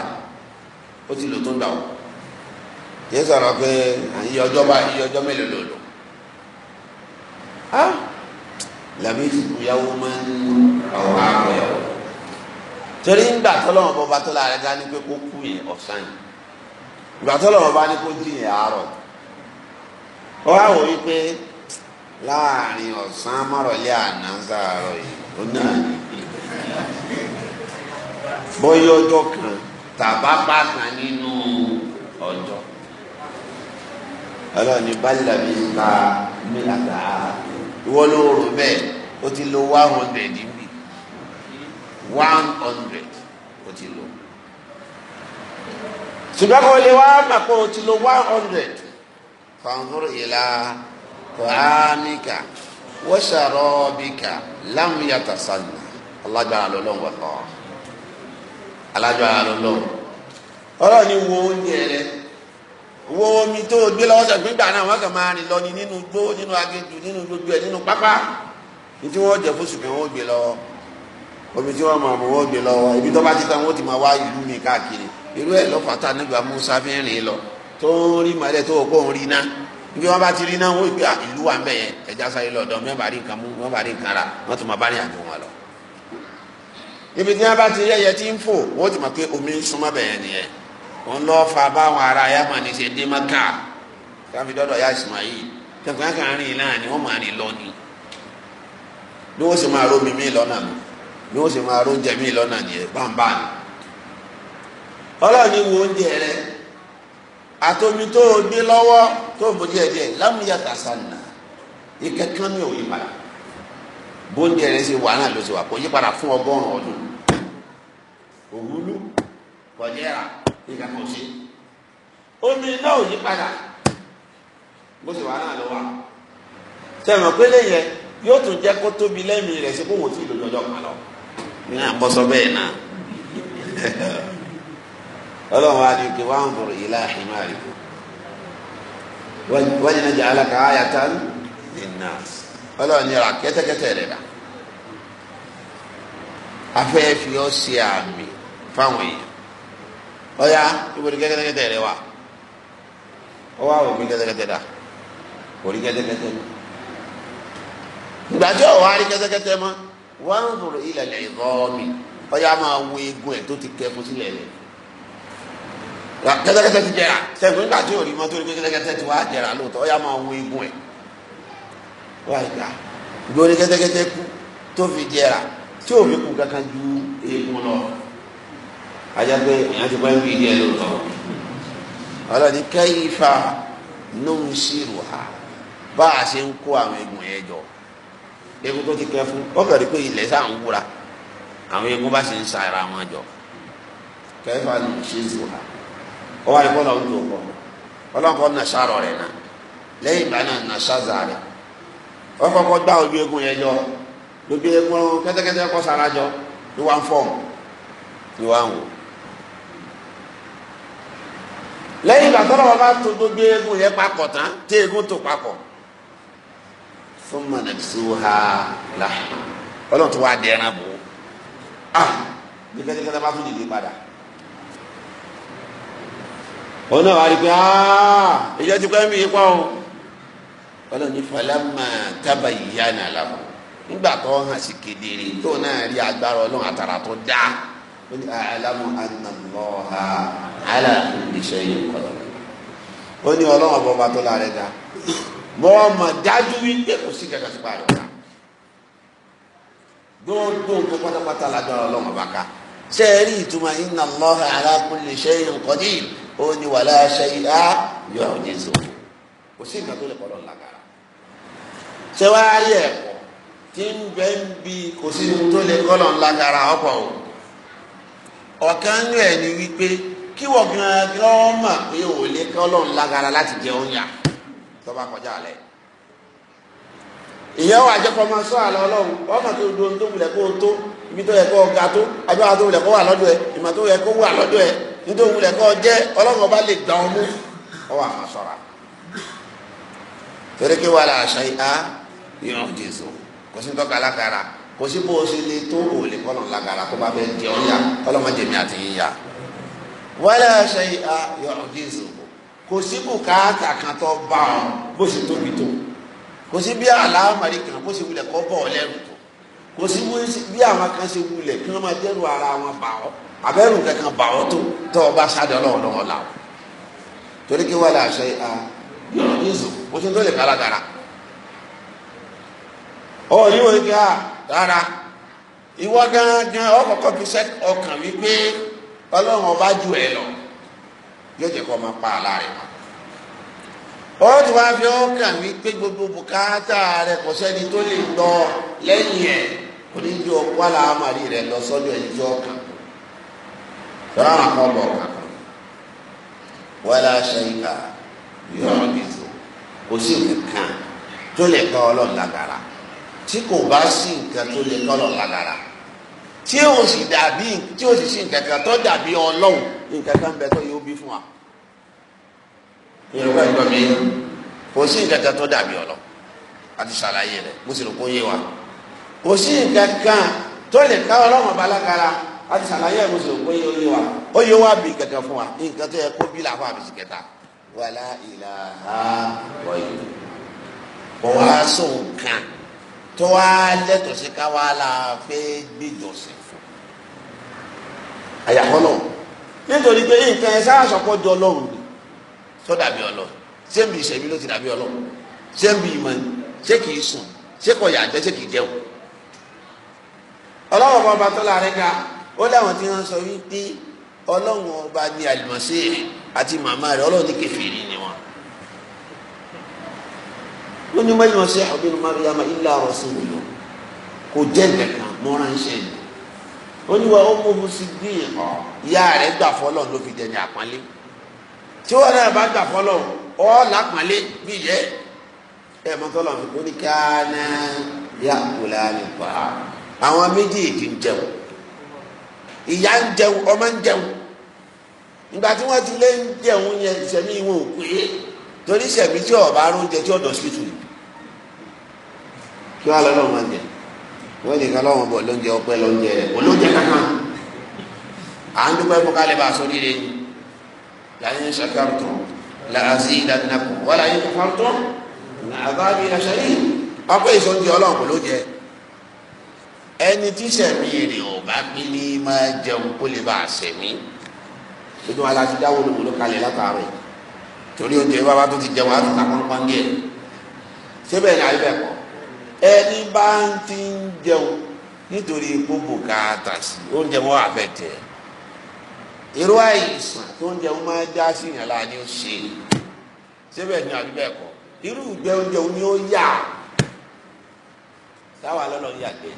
ó ti lò tó gbà wọ́ kì í sọ̀rọ̀ pé iye ọjọ́ bá iye ọjọ́ mélòó ló lò làbí ìyàwó máa ń àwọn àwọn yàwó torí ń gbà tọ́lọ́wọ́ bọ́ bá tọ́lọ́ àrẹ́ká ní pé kó kú yẹn ọ̀sán yìí ìgbà tọ́lọ́wọ́ bá ní kó jí yẹn àárọ̀ ọ wá wò wípé láàrin ọ̀sán márọ̀lẹ́ àná sàárọ̀ yìí ó náà ní bóyá kan tàbá bá nínú ọjọ́ ọlọ́ọ̀ni bala mi ta mi lata ìwọ ló rò bẹ́ẹ̀ o ti lo one hundred níbi one hundred o ti lo ṣùgbọ́n kò lè wá mà kó o ti lo one hundred fanzur ìlà kọ́hámíkà wọ́sàrọ́bíkà lámúyàtà sàlù alájọ àlọ́lọ́wọ́ lọ alájọ àlọ́lọ́wọ́ ọlọ́ọ̀ni wo oúnjẹ rẹ owó omi tó o gbé lọ́wọ́ sẹ́gbẹ́ gbà náà wọ́n kàn máa rìn lọ ní nínú gbó nínú aginjù nínú gbogbo ẹ̀ nínú pápá ní tí wọ́n jẹ fóṣù kan wọ́n gbé lọ́wọ́ omi tí wọ́n máa mọ̀ wọ́n gbé lọ́wọ́ ibi tó bá ti tán wọ́n ti máa wá ìlú mi káàkiri irú ẹ̀ lọ́fàtà nígbà Musa fi ń rìn lọ tó ń rí màlẹ́ tó o kó ń rí náà ibi wọn bá ti rí náà wọn gbé ah, ìlú wa mbẹ yẹn ẹja sáré lọ́dọ̀ mẹba rí nǹkan mú mẹba rí nǹkan ra wọn tún máa bá ní àjò wọn lọ ibi tí òun lọ fa báwọn ará yamani ṣe dé maka káfí dọdọ ya ismail tẹkùn yàtọ̀ àárín náà ni wọ́n máa rìn lọ ni bí wọ́n sì máa rómi mí lọ́nà ni bí wọ́n sì máa róúnjẹ mí lọ́nà ni ẹ̀ bámbá ni ọlọ́ọ̀ni wo oúnjẹ rẹ àtomi tó o gbé lọ́wọ́ tó o bójú ẹ díẹ̀ lámúyàtà sànà ìkẹ́kẹ́ ní òye padà bóúnjẹ rẹ ṣe wà náà ló ṣe wà kó yí fún ọgọ́rùn ọdún òwúlú kọjá rà ìgbà kan ò ṣe omi náà ò yí padà bó ṣe wà náà lọ wa sẹ́wọ̀n pélé yẹn yóò tún jẹ́ kó tóbi lẹ́mìí rẹ̀ sí kó wò tí ì lójoojú ọ̀kan lọ ní àkọsọ bẹ́ẹ̀ náà ọlọ́run adi ke wá ń bọ̀rọ̀ ilá ìmọ̀ àríkò wọ́n yìí jẹ́ alaka ayata nínú ọlọ́run yẹra kẹ́tẹ́kẹ́tẹ́ rẹ̀ dà afẹ́ fi ọ́ sí àmì fáwọn èèyàn ọ̀ya ibodi kẹ́tẹ́kẹ́tẹ́ rẹ wa ọ wá òbí kẹ́tẹ́kẹ́tẹ́ dà kò rí kẹ́tẹ́kẹ́tẹ́ ìgbà tí ọ̀wá rí kẹ́tẹ́kẹ́tẹ́ mọ́ wọ́n ń sọ̀rọ̀ ilẹ̀ ìrọ́ọ̀mì ọ̀ya máa wo egun ẹ̀ tó ti kẹ́ fún sílẹ̀ rẹ̀ kẹ́tẹ́kẹ́tẹ́ ti jẹrà sẹgbẹ nígbà tí yóò rí mọ torí pé kẹ́tẹ́kẹ́tẹ́ ti wá jẹrà lóòótọ́ ọyà máa wo egun ẹ wá ìgbà ìgbà orí kẹ́tẹ́kẹ́tẹ́ kú tó fi jẹrà tí òfin kù kankan ju egun lọ. ajá pé ń bí ìdí ẹ lóòótọ́ ọlọ́ni ha bá a ṣe ń kó àwọn egun yẹn jọ egun tó ti kẹ́ fún ó kẹ́rì pé ilẹ̀ sáà ń wúra àwọn egun bá ṣe ń sa ara wọn jọ ha ó wá ikọ́ lọ́wọ́ tó kọ́ ìgbà náà ojú egun yẹn jọ egun jọ ń ń lẹ́yìn ìgbà tọ́lọ́ wọn bá tó gbogbo eegun yẹn papọ̀ tán tí eegun tó papọ̀ fún mọ̀nàkìsúhà là ọlọ́run tó wá di ẹran bò ó ah bí kẹ́tẹ́kẹ́tẹ́ bá tún dìde padà òun náà wá rí i pé ah ìjọ ti pẹ́ mi yí pa o ọlọ́run ní falama tábà yíyá ní àlàfo nígbà tó hàn sí kedere tó náà rí agbára ọlọ́run àtàrà tó dáa ó ní àlámù anamọ́ha aláàbò iṣẹ́ yìí kọ́lọ́ ó ní ọlọ́run ọba ọba tó lára ẹ̀dá mọ́ ọmọ dájú wípé kò sí kẹ̀kẹ́ sípa rẹ̀ ká gbogbo nǹkan pátápátá lágbára ọlọ́run ọba ká ṣe é rí ìtumọ̀ iná lọ́ha ala kulli shay'in qadir ó ní wala shay'a yu'jizuhu kò sí nǹkan tó lè kọ́lọ́ lágbára ṣé wàá ẹ̀kọ́ tí ń bẹ́ ń kò sí nǹkan tó lè kọ́lọ́ ọ̀kan rẹ̀ ni wípé kí wọ́n gan gan mọ̀ pé ò lè kọ́ lọ́n lágara láti jẹ oúnjẹ tó bá kọjá alẹ́ ìyẹn wà máa sọ àlọ́ ọlọ́run ọmọ tó do tó wulẹ̀ kó tó ibi tó yẹ kó ga tó tó wulẹ̀ kó wà lọ́dọ̀ ẹ̀ ìmọ̀ tó yẹ kó wà lọ́dọ̀ ẹ̀ nítorí wulẹ̀ kó jẹ́ ọlọ́run ọba lè kò sí bó o ṣe lè tó o lè kọ́ lọ́n lágara kó bá bẹ jẹ ọ́ yá ọlọ́mọdémi àti yíyá wala shay'a yu'jizu kò sí bùkátà kan tó bá ọ bó ṣe tóbi tó kò sí bí àlámàrí kan bó ṣe wulẹ̀ kọ́ bọ̀ ọ́ lẹ́rù tó kò sí bí àwọn kan ṣe wulẹ̀ kí wọ́n máa dẹ́rù ara wọn bà ọ́ abẹ́rù kankan bà ọ́ tó tó o bá ṣáde ọlọ́wọ́ lọ́wọ́ la o torí kí wala shay'a ṣe tó lè dára ìwọ gangan ọkọ̀ọ̀kọ̀ fi sẹ́ ọkàn wípé ọlọ́run ọba ju ẹ lọ yóò jẹ́ kó máa pa àlá rẹ̀ mọ́ ó ti wá fi ọkàn mi pé gbogbo bùkátà rẹ kò sẹ́ni tó lè lọ lẹ́yìn ẹ̀ oníjó wàhálà amàrí rẹ lọ sọ́dọ̀ ẹni tó ọkàn tọ́lá àwọn kan bọ̀ ọkàn kan wàhálà yọ̀ọ́ nìzó kò sí nǹkan tó lè kọ́ ọlọ́run tí kò bá sí nǹkan tó lè kọ́ lọ lágara tí ó sì dàbí tí ó sì sí nǹkan kan tó dàbí ọlọ́run nǹkan kan bẹ tó yóò bí fún wa. yorùbá ìgbà mi kò sí nǹkan kan tó dàbí ọlọ́run àti ṣàlàyé rẹ̀ mo sì rò kó yé wa kò sí nǹkan kan tó lè ká ọlọ́run ọba lágara àti ṣàlàyé rẹ̀ mo sì rò kó yé wa ó yẹ wá bí nǹkan kan fún wa nǹkan tó yẹ kó bí làwọn àbísí kẹta wàlá ìlà ha wọ̀nyí kò wá sóhun kan tó wá lẹ́tọ̀ọ́ sí ká wá la fẹ́ gbìjọsìn fún àyàkọ́ náà nítorí pé nǹkan ẹ sáàsọ̀kọ́ di ọlọ́run ni tó dàbí ọlọ́run ṣé ń bi ìṣẹ̀mí ló ti dàbí ọlọ́run ṣé ń bi ìmọ̀ ni ṣé kìí sùn ṣé kò yàgbẹ́ ṣé kìí jẹun. ọlọ́run ọba tó láàrin ga ó dáwọn tí wọ́n sọ wípé ọlọ́run ọba ní àlùmọ́sí àti màmá rẹ̀ ọlọ́run ní kẹfìrí ni wọn wọ́n ní mẹ́yìn ọ̀sẹ̀ ọ̀bínú mariama ilé àròsí wòlò kò jẹ́ nǹkan mọ́ra ń ṣe yìí wọ́n ní wa ọmọ ohun sì gbìyàn ìyá rẹ̀ gbà fọ́lọ̀ ló fi jẹ́ ní àpọ́nlé tí wọ́n náà bá gbà fọ́lọ̀ ọ́ làpọ́nlé bí yẹ ẹ̀ mọ́tọ́lọ́ fi kó ní káná yá kúlá nípa àwọn méjèèjì ń jẹun ìyá ń jẹun ọmọ ń jẹun ìgbà tí wọ́n ti lé ń jẹun yẹn ìṣẹ̀mí wọn ò pé torí ìṣẹ̀mí tí ọ̀bá arúnjẹ tí ọ̀dọ̀ sí tù yìí kí wàá lọ́nà máa jẹ wọ́n ní kálọ́ wọn bọ̀ lóúnjẹ ọpẹ́ lóúnjẹ rẹ̀ kò lóúnjẹ kankan à ń dúpẹ́ fún kálí bá a sọ nílé làyín ṣàkàrùtọ̀ làásì ìdánilẹ́kùn wọ́n làyín kàrùtọ̀ làbábi làṣẹ́lì ọpẹ́ ìsọ̀njẹ ọlọ́run kò lóúnjẹ ẹni tí sẹ̀mí rẹ̀ ò bá gbé ní máa jẹun kó lè bá a nínú aláti dáwọ́ olùmúlò kalẹ̀ látàárọ̀ torí oúnjẹ bàbá tó ti jẹun á ti ta pọ́npọ́n díẹ̀ síbẹ̀ ní ayé bẹ́ẹ̀ kọ́ ẹni bá ń ti ń jẹun nítorí epo bùkátà sí oúnjẹ wọn àfẹtẹ irú àìsàn tó ń jẹun máa já sí yàn lára ni ṣe síbẹ̀ ni àbí bẹ́ẹ̀ kọ́ irú ìgbẹ́ oúnjẹ ni ó yà táwa lọ́lọ́ ń yàgbẹ́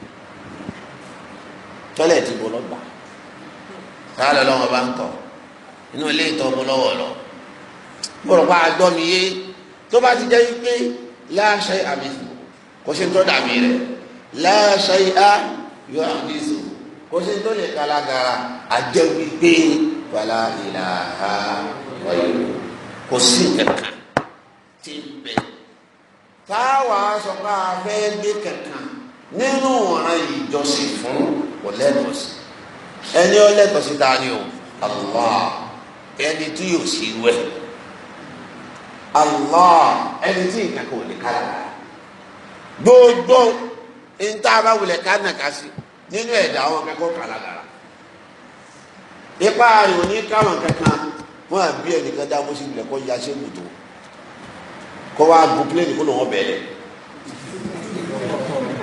tọ́lẹ̀ ti bọ́ lọ́gbà táwa lọ́lọ́ wọn bá ń kọ́ inú ilé ìtọ́ bọ́ lọ́wọ́ lọ gbọ́dọ̀ pa àgbọ̀ mi yé tó bá ti jẹ́ wípé láṣẹ àmì ìfò kò sí tó dàbí rẹ̀ láṣẹ ìhá yóò àdìsù kò sí tó lè kalagara àjẹ́ wípé wàlá ìlàhà wáyé kò sí kankan tí ń bẹ táwa sọ pé a fẹ́ gbé kankan nínú ọ̀ràn ìjọsìn fún kò ẹni ó lẹ́tọ̀ọ́ o Allah ẹni tí yóò sí wẹ̀ Allah ẹni tí nǹkan lè kára gbogbo níta bá wulẹ̀ ká kasi ká sí nínú ẹ̀dá àwọn akẹ́kọ̀ọ́ kàlàkàlà ipa ayò ní káwọn kankan wọn àbí ẹnìkan dá mọ́sí ilẹ̀ kọ́ ya sẹ́gun tó kọ́ wa bu pílẹ̀nì kó lọ́wọ́ bẹ̀rẹ̀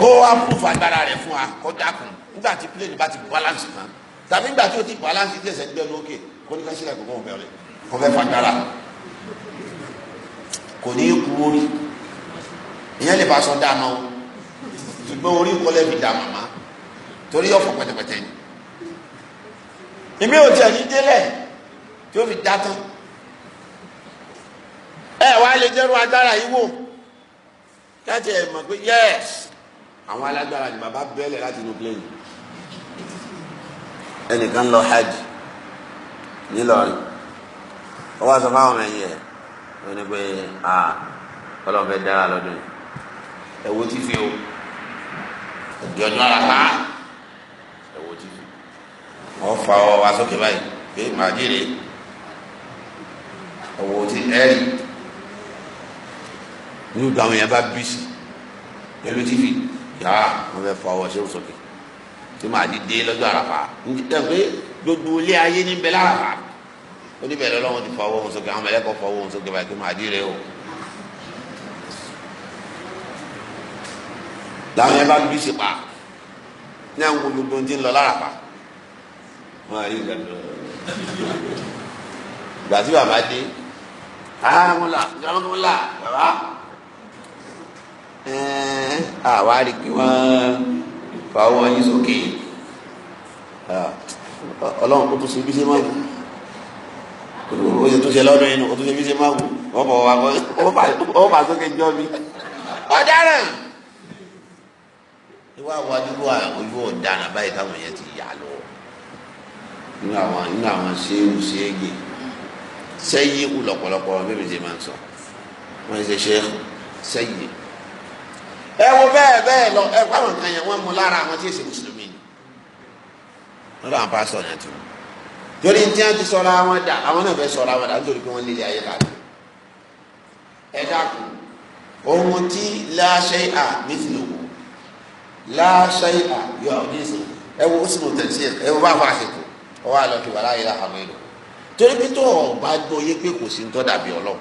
kó wa kú fagbára rẹ̀ fún wa kọ́ dákun nígbà tí pílẹ̀nì bá ti balance kan tàbí nígbà tí o ti balance tí ẹsẹ̀ gbẹ́ lókè kó ní ká sílẹ̀ kó kọ́ bẹ̀rẹ̀ kó fẹ́ fagbára kò ní í kú orí ìyẹn lè bá aṣọ dáná o ṣùgbọ́n orí ìkọlẹ̀ fi dá màmá torí ọ̀fọ̀ pẹ̀tẹ̀pẹ̀tẹ̀ ni ìmí ò tiẹ̀ yí délẹ̀ tí ó fi dá tán ẹ wá lè jẹ́rú agbára yìí wò káàtì ẹ̀ mọ̀ pé yẹ́s àwọn alágbára ni bàbá bẹ́ẹ̀lẹ̀ láti inú plẹ́ẹ̀nì ẹnìkan lọ hajj nílọrin ó wá sọ fáwọn ẹ̀yìn ẹ̀ ó ní pé ah, ọlọ́run fẹ́ dára lọ́dún yìí ẹ̀wọ́ ti fi o ìjọjọ ara pa ẹ̀wọ́ ti fi wọ́n fa ọ wá sókè báyìí pé màá jèrè ẹ̀wọ́ ti ẹ̀rì nínú ìgbà àwọn èèyàn bá bí sí pẹ̀lú tífì yà wọ́n fẹ́ fa ọwọ́ ṣéwù sókè tí màá di dé lọ́jọ́ àràfà nígbà pé gbogbo ilé ayé níbẹ̀ láràfà ó níbẹ̀ lọ́wọ́ ti fa ọwọ́ wọn sókè àwọn mẹlẹ́kọ̀ọ́ fa ọwọ́ wọn sókè báyìí pé màá di o. làwọn yẹn bá lu sí pa ní àwọn gbogbo ti ń lọ lára pa wọn àrí ìgbà tó ìgbà tí bàbá dé àwọn là àwọn kan là bàbá àwa rí kí wọ́n fa wọn yín sókè ọlọ́run kó tó ṣe bí ṣe máa wù o ṣe tó ṣe lọ́dún yìí nù o tó ṣe bí ṣe máa wù wọ́n bọ̀ wá wọ́n bá sókè jọ́ mi ọ̀daràn ìwà wájúrò ojú ọ̀daràn báyìí táwọn yẹn ti yà lọ nínú àwọn nínú àwọn ṣéwù ṣéègè sẹ́yìn kù lọ́pọ̀lọpọ̀ bẹ́ẹ̀ ṣe máa ń sọ wọ́n ṣe ṣe sẹ́yìn. ẹ wo bẹ́ẹ̀ bẹ́ẹ̀ lọ ẹ kó àwọn kan yẹn wọ́n mú lára àwọn tí èsì mùsùlùmí ni wọ́n lọ àwọn pásítọ̀ yẹn tó torí tí wọ́n ti sọ̀rọ̀ àwọn dà àwọn náà fẹ́ sọ̀rọ̀ àwọn dà nítorí pé wọ́n nílé ayé káàkiri ẹ dákun ohun tí láṣẹ à nífìlòwò láṣáyé à yọ àwọn oníṣẹ́ ẹ wo sínú tẹ̀sí ẹ wo bá fà ṣètò ọwọ́ àlọ́ kí wàhálà yìí láhàmú ìlú torí pé tó o bá gbọ́ yé pé kò sí ń tọ́ dàbí ọlọ́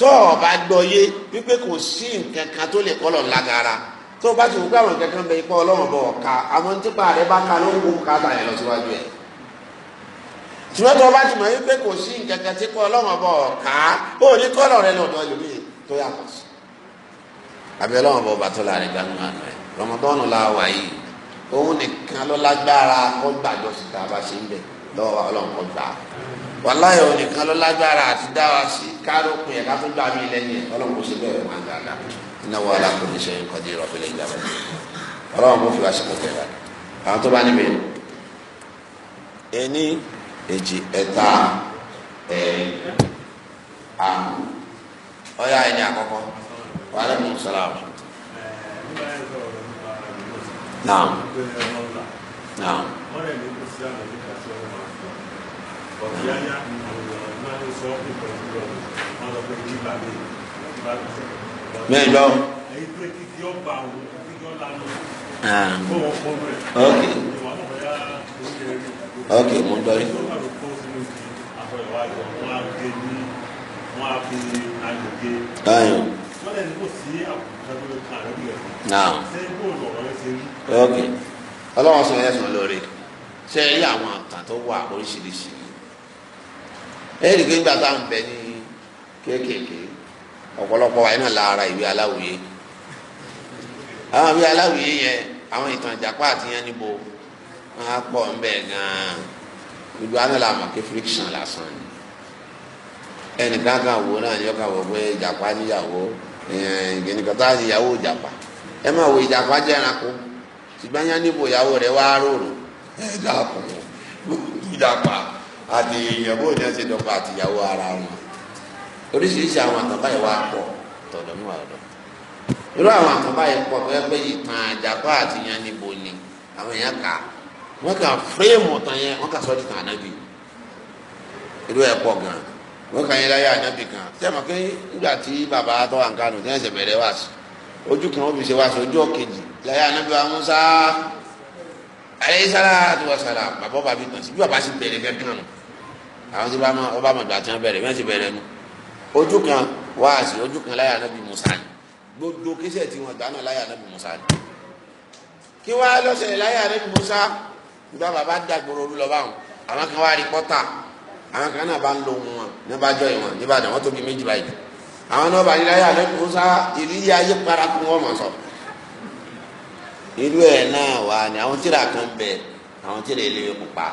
tó o bá gbọ́ yé wípé kò sí nǹkan kan tó lè kọ́lọ̀ lágara tó o bá ti wù pé àwọn nǹkan kan bẹ ipá ọlọ́run bọ̀ ọ̀ka àwọn nípa rẹ bá ka ló ń kó ká tà yẹn lọ síwájú ẹ̀ ṣùgbọ́n tó o bá ti mọ̀ wípé kò sí nǹkan kan tí kọ́ ọlọ́run bọ̀ ọ̀ka ó ní kọ́lọ̀ rẹ lọ́dọ̀ ẹlòmíì tó yàtọ̀ sí àbí ọlọ́run bọ̀ ọba tó láàrin gbanú àná ẹ̀ rọmọdọ́nù la wà yìí òun nìkan ló lágbára kọ́ gbàjọ sí ta bá ṣe ń bẹ̀ lọ́wọ́ ọlọ́run kọ́ gbà wàláyé òun nìkan ló lágbára àti dáwà sí káró kun yẹ tó gbà mí lẹ́yìn ẹ̀ ọlọ́run kò sí bẹ́ẹ̀ máa dáadáa iná naam naam. mẹ́rin báwo. ok ok mo ń dọ́rí. ayọ̀. ok ọlọ́wọ́n sọ ẹ̀yẹ́sùn lórí ṣe rí àwọn kan tó wà oríṣiríṣi ẹ̀rí pé nígbà tá à bẹ ní kéékèèké ọ̀pọ̀lọpọ̀ wa iná lára ìwé àwọn ìwé yẹn àwọn ìtàn ìjàpá àti yẹn níbo pọ̀ gan-an àná friction lásán wo náà ni ọkàn pé ìjàpá níyàwó tá yàwó ìjàpá. ẹ máa wò ìjàpá jẹ́ ẹranko ṣùgbọ́n yẹn níbo ìyàwó rẹ̀ wá rorò ẹ dàpọ̀ ìjàpá àti èèyàn bó ní àti ìyàwó ara wọn oríṣiríṣi àwọn àtàbá yìí wá pọ̀ tọdọ ní wàdọ̀ irú àwọn àtàbá yìí pọ̀ àti yẹn níbo ni àwọn èèyàn kà kà tán yẹn kà ànábì irú gan kà yẹn láyé ànábì nígbà tí bàbá sí ojú kan ó fi ṣe wáṣọ ojú ọ̀kejì láyé anábì wa musa ayéṣálá tó wá sára bàbá ọba bí tàn sí bí bàbá sì bẹ̀rẹ̀ gángan nù àwọn tí ọba àmàgbà tí wọn bẹ̀rẹ̀ bí wọn sì bẹ̀rẹ̀ nù ojú kan wáàsí ojú kan láyé anábì musa ni gbogbo kíṣẹ̀ tí wọn gbà náà láyé anábì musa ni kí wọ́n á lọ́sẹ̀ láyé anábì musa nígbà bàbá dàgbòrò olú lọ́ba àwọn àwọn kan wá rí pọ́tà àwọn kan náà bá ń lo ohun wọn ní bá jọ ìwọ̀n níbàdàn wọ́n tóbi méjì báyìí àwọn náà bá yíra yà lẹ́nu musa ìrírí ayé paraku wọn mọ̀ sọ. irú náà wà ní àwọn kan bẹ àwọn tíra eléyìí pupa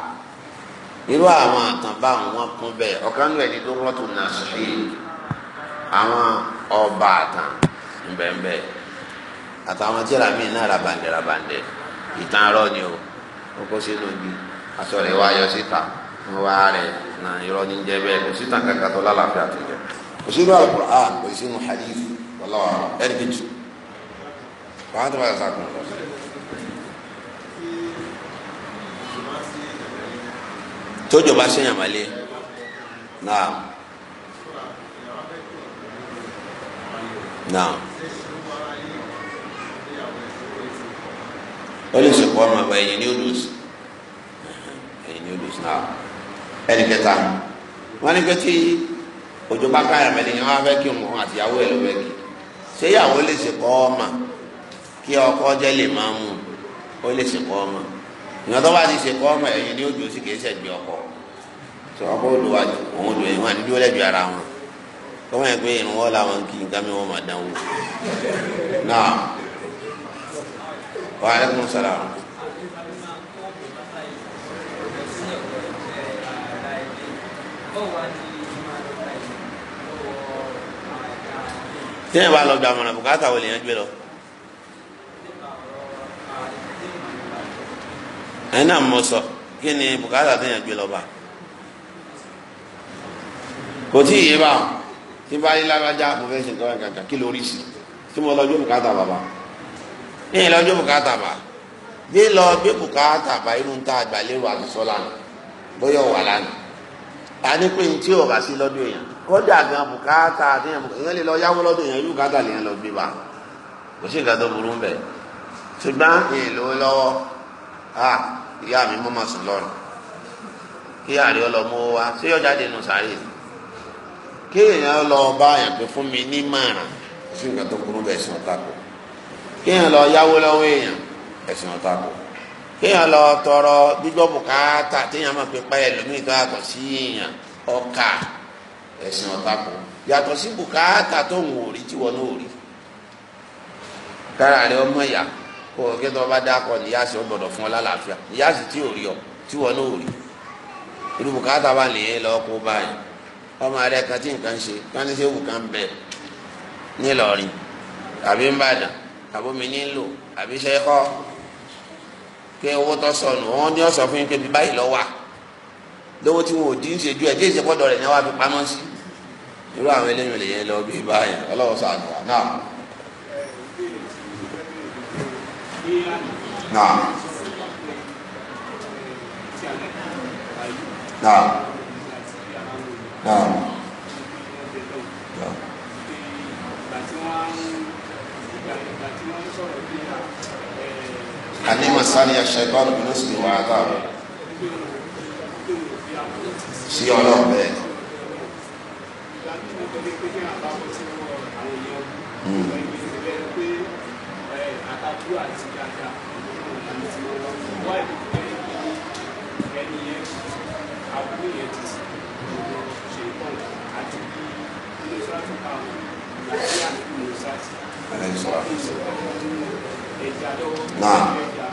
irú àwọn àtànbá wọn kún bẹ ọ̀kan nù ẹni tó rọ́tò náà sí àwọn ọba àtàn bẹ́ẹ̀nbẹ́ àtàwọn tíra míì náà rabandẹ rabandẹ o ó kó sínú ibi aṣọ wá yọ síta wọn wá irọ́ ní kò sínú alukur'an kò sínú hadith wàlláwà ẹni kejì wàhán tó bá yàtọ̀ àkùnrin lọ. tójò bá ṣe yàmàlé náà náà ó lè sèkó ọmọ àbá ẹ̀yìn ní odòsì ẹ̀yìn ní odòsì náà ẹni kẹta wọn ni kẹtì. òjò bá káyà mẹ́lẹ̀ yẹn wọ́n á fẹ́ kí wọn àtìyàwó ẹ̀ ló fẹ́ kí ṣé ìyàwó lè ṣe kọ́ ọmọ kí ọkọ jẹ́ lè máa mú ó lè ṣe kọ́ ọmọ ìyàn tó bá ti ṣe kọ́ ọmọ ẹ̀yìn ní òjò sì kìí ṣẹ̀gbẹ́ ọkọ ṣe ọkọ olùwàjò òun olùwẹ̀ wọn àti dúró lẹ́jọ́ ara wọn pé làwọn wọn máa náà tẹ́yìn bá lọ gba àmọ̀ràn bùkátà wọlé yẹn gbé lọ. ẹ̀ náà sọ kí ni bùkátà tẹ́yìn gbé lọ bá. kò tí ì yé bá tí bá yí lágbájá mo fẹ́ ṣe nǹkan kí lórí sí tí mo lọ bùkátà bàbá bùkátà bá lọ gbé bùkátà bá irú ń ta àgbà lérò bóyá ọ̀wà lánàá. a ní pé ní tí ò kódà gan bùkátà àtẹ̀yàn bùkátà ìyẹn lè lọ yáwó lọ́dọ̀ yẹn irú bùkátà lèyàn lọ gbé wa kò sí nǹkan tó burú ń bẹ̀ ṣùgbọ́n èèlò lọ́wọ́ a ìyá mi mọ́ màsùn lọ́rùn kí àrí ọlọ́mọ wa ṣé yọjá dé nù sáré kí èèyàn lọ bá àyàn pé fún mi ní márùn kò sí nǹkan burú bẹ̀ ẹ̀sìn ọ̀tá kò kí èèyàn lọ yáwó lọ́wọ́ èèyàn ẹ̀sìn ọ̀tá kò kí èèyàn lọ tọrọ gbígbọ́ bùkátà téèyàn ẹ̀sìn ọ̀tako yàtọ̀ sí bùkátà tó ń wòrí tí wọn ò rí kára rẹ ọmọ ìyá kó o kí tó bá dákọ níyà sí ọ gbọ́dọ̀ fún ọ lálàáfíà níyà sí tí ò rí ọ tí wọn ò rí irú bùkátà bá lè lọ kó báyìí ọmọ rẹ kan tí nǹkan ṣe kán ní sẹ́wù kan bẹ nílọrin àbí ńbàdàn àbómi nílò àbí sẹ́kọ́ kí owó tó sọnù wọn ní ọ̀sọ̀ fún yín pé bíbáyìí lọ wà lówó tí wọn ò dín ṣe ju ẹ̀ tí èsì pọ̀dọ̀ rẹ̀ ní wàá fi pamọ́ sí i irú àwọn eléyìí lè yẹn lọ bí báyìí ọlọ́wọ́ sànù wa náà. náà. náà. náà. ani masani aṣẹ́gbọ́n bí ló sì wà á dà sí ọlọ́ọ̀bẹ náà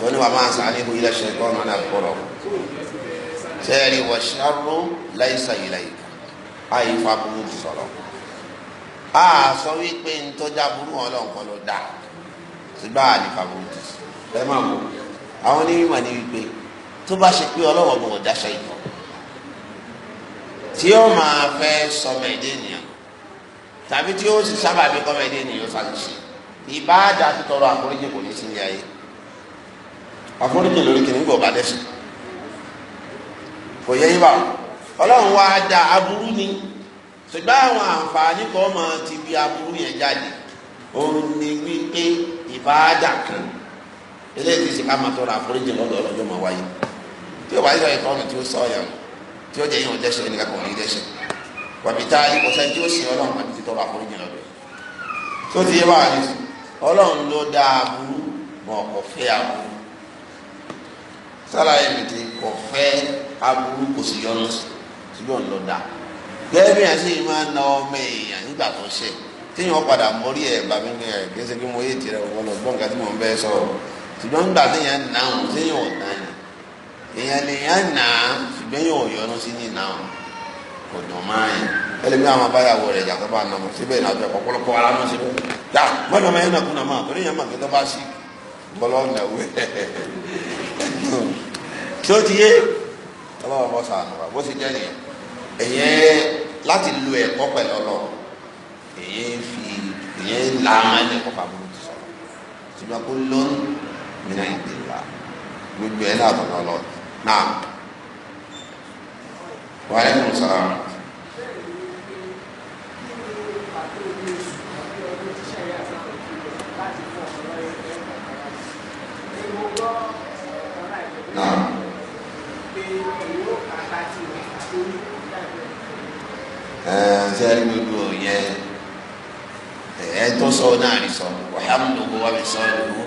wọ́n ní wàá máa sọ àléhu ilé ṣe kọ́ ọ́n náà kọ́ ọ́ sẹ́yìn wọ́n ṣàrò láìsàyè láìpẹ́ àyè fàbùrù ti sọ̀rọ̀ a sọ wípé ntọ́jà burú ọlọ́run kọ́ ló dà ṣùgbọ́n àyè fàbùrù ti sọ̀rọ̀ ẹ máa wò àwọn onímọ̀ ni wípé tó bá ṣe pé ọlọ́run ọgbọ̀n dáṣọ ìtàn tí ó máa fẹ́ sọmọ ẹ̀dẹ́ ènìyàn tàbí tí ó sì sábà bí kọ́mọ ẹ̀dẹ́ ènìyàn ṣàlùṣe ìbáàdà tó tọrọ àforíjì kò ní sí ilé ayé àforíjì lórí kìnnìkan ọba dẹ́sẹ̀ kò yẹ yí báwọn ọlọ́run wá da aburú ni ṣùgbọ́n àwọn àǹfààní kan máa ti bí aburú yẹn jáde òun ni wípé ìbáàdà kan eléyìí ti ṣe ká máa tọrọ àforíjì lọ́dọ̀ ọlọ́jọ́ máa wáyé tí o bá yọ ìtọ́ mi tí o sọ ọ̀yàn tí o jẹ́ yín o dẹ́sẹ̀ ní kakọ̀ ní dẹ́sẹ̀ wàbí tá ìkọ̀sẹ́ tí o sì ọlọ́run àti títọ́ àforíjì lọ́dọ̀ tó ti yé báwa ní sùn ọlọ́run ló dá aburú mọ̀ kò fẹ́ aburú sálàyé mi ti kò fẹ́ aburú kò sì yọnu sùn síbẹ̀ ọ̀lọ́dà gẹ́gẹ́ bí yẹn sì máa na ọmọ èèyàn nígbà tó ṣe téèyàn padà mórí ẹ̀ bàbí ní ẹ̀ kí n ṣe kí mo yé tirẹ̀ wọ́n lọ gbọ́ nǹkan tí mò ń bẹ́ sọ ṣùgbọ́n nígbà téèyàn nà án téèyàn ò nà án èèyàn lèèyàn nà án ṣùgbọ́n yóò yọnu sí ní nà án kò dùn máa yẹn ẹlẹ́mi àwọn abáyàwó rẹ̀ yàtọ̀ bá nà mọ̀ síbẹ̀ náà bẹ̀ ọ̀pọ̀lọpọ̀ ara mọ̀ síbẹ̀ yà mọ̀nà máa yẹn nà kúnà máa torí yẹn mà kí tó bá sí bọ́lọ́ ẹ̀yẹn láti lu ẹ̀kọ́ pẹ̀lú ọlọ́ ẹ̀yẹn fi ẹ̀yẹn là á máa ń lẹ́kọ̀ọ́ pàbùrù ti sọ̀rọ̀ ṣùgbọ́n kó lónìí mìíràn ìdè wa gbogbo ẹ̀ láàbọ̀ náà lọ náà wàhálà ẹ̀ ń sọ̀rọ̀ ṣe eh, rí gbogbo yẹn ẹ tó sọ náà rí sọ wàhámùdógó wàmí sọ ìlú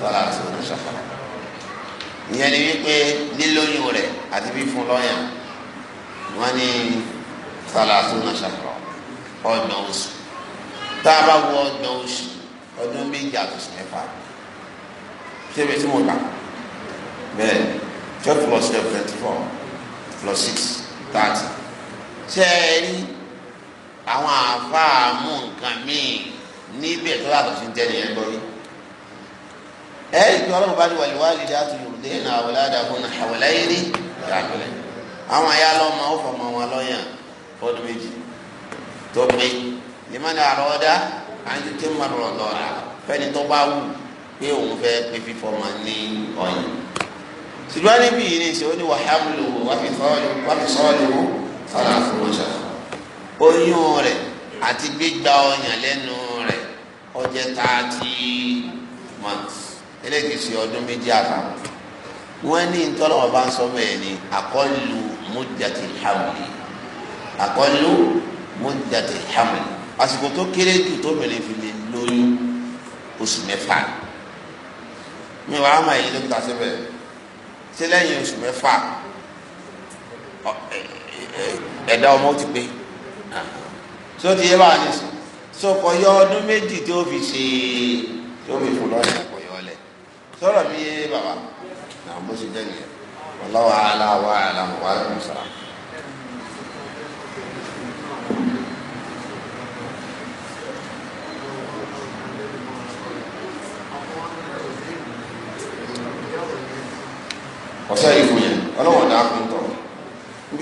sọlá sọ ní sàfàrà ìyẹn ni wípé lílóyún rẹ àti fífún lọ́yà wọn ní sọlá sọ ní sàfàrà ọgbọ̀n oṣù tá a bá wọ ọgbọ̀n oṣù ọdún méjì àtúnṣe mẹ́fà ṣébi tí mo gbà bẹ́ẹ̀ twelve plus twelve twenty four plus six thirty ṣe é rí àwọn àáfàá mú nǹkan míì níbẹ̀ tó yàtọ̀ sí tẹ́lẹ̀ yẹn gbọ́ rí ẹ ìpín ọlọ́run bá ní wàlíwàlì dá tó yòrò dé náà àwòlá dàgbò náà àwòlá yìí rí dàgbẹ́lẹ̀ àwọn ayé alọ́mọ ó fọmọ wọn lọ́yàn fọdún méjì tó pé limani àrọ́dá àyè tó máa rọ̀ lọ́ra fẹ́ni tó bá wù pé òun fẹ́ pé fífọmọ ní ọ̀yìn ṣùgbọ́n níbí yìí ní ìṣòro ni wàhálù wàfi sọ́ọ̀lù wàfi fara fúnṣà oyún rẹ̀ àti gbígba ọyàn lẹ́nu rẹ̀ ó jẹ́ thirty months eléyìí sí ọdún méjì àtàwọn wọ́n ní ntọ́lọ́wọ́ bá ń sọ bẹ́ẹ̀ ni àkọlù mudjati hamli àkọlù mudjati hamli àsìkò tó kéré jù tó bẹ̀rẹ̀ fi lè lóyún oṣù mẹ́fà mi wàá máa yí dókítà síbẹ̀ sílẹ̀ yìí oṣù mẹ́fà ẹ̀dá ọmọ ó ti pé so ti yẹ báwa ní sùn so kọ yọ ọdún méjì tí ó fi ṣe tí ó fi fò lọ́yà kọ yọ ọlẹ̀ sọ̀rọ̀ mi yé bàbá náà bó ṣe jẹ́ nìyẹn wàláwà aláwà aláwà aláwà sàrà. ọ̀sẹ̀ ìfòyẹ̀ ọlọ́wọ̀n dàkún.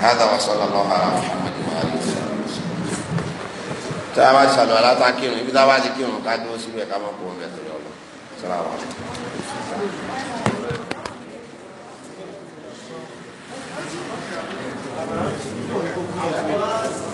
هذا وصلى الله على محمد وآله وسلم tá a bá ṣàlù aláta kírun ibi tá a bá ti kírun ká dúró síbẹ̀ ká má kó omi ẹ̀tọ́ lọ lọ sọ́ra wa. Thank you.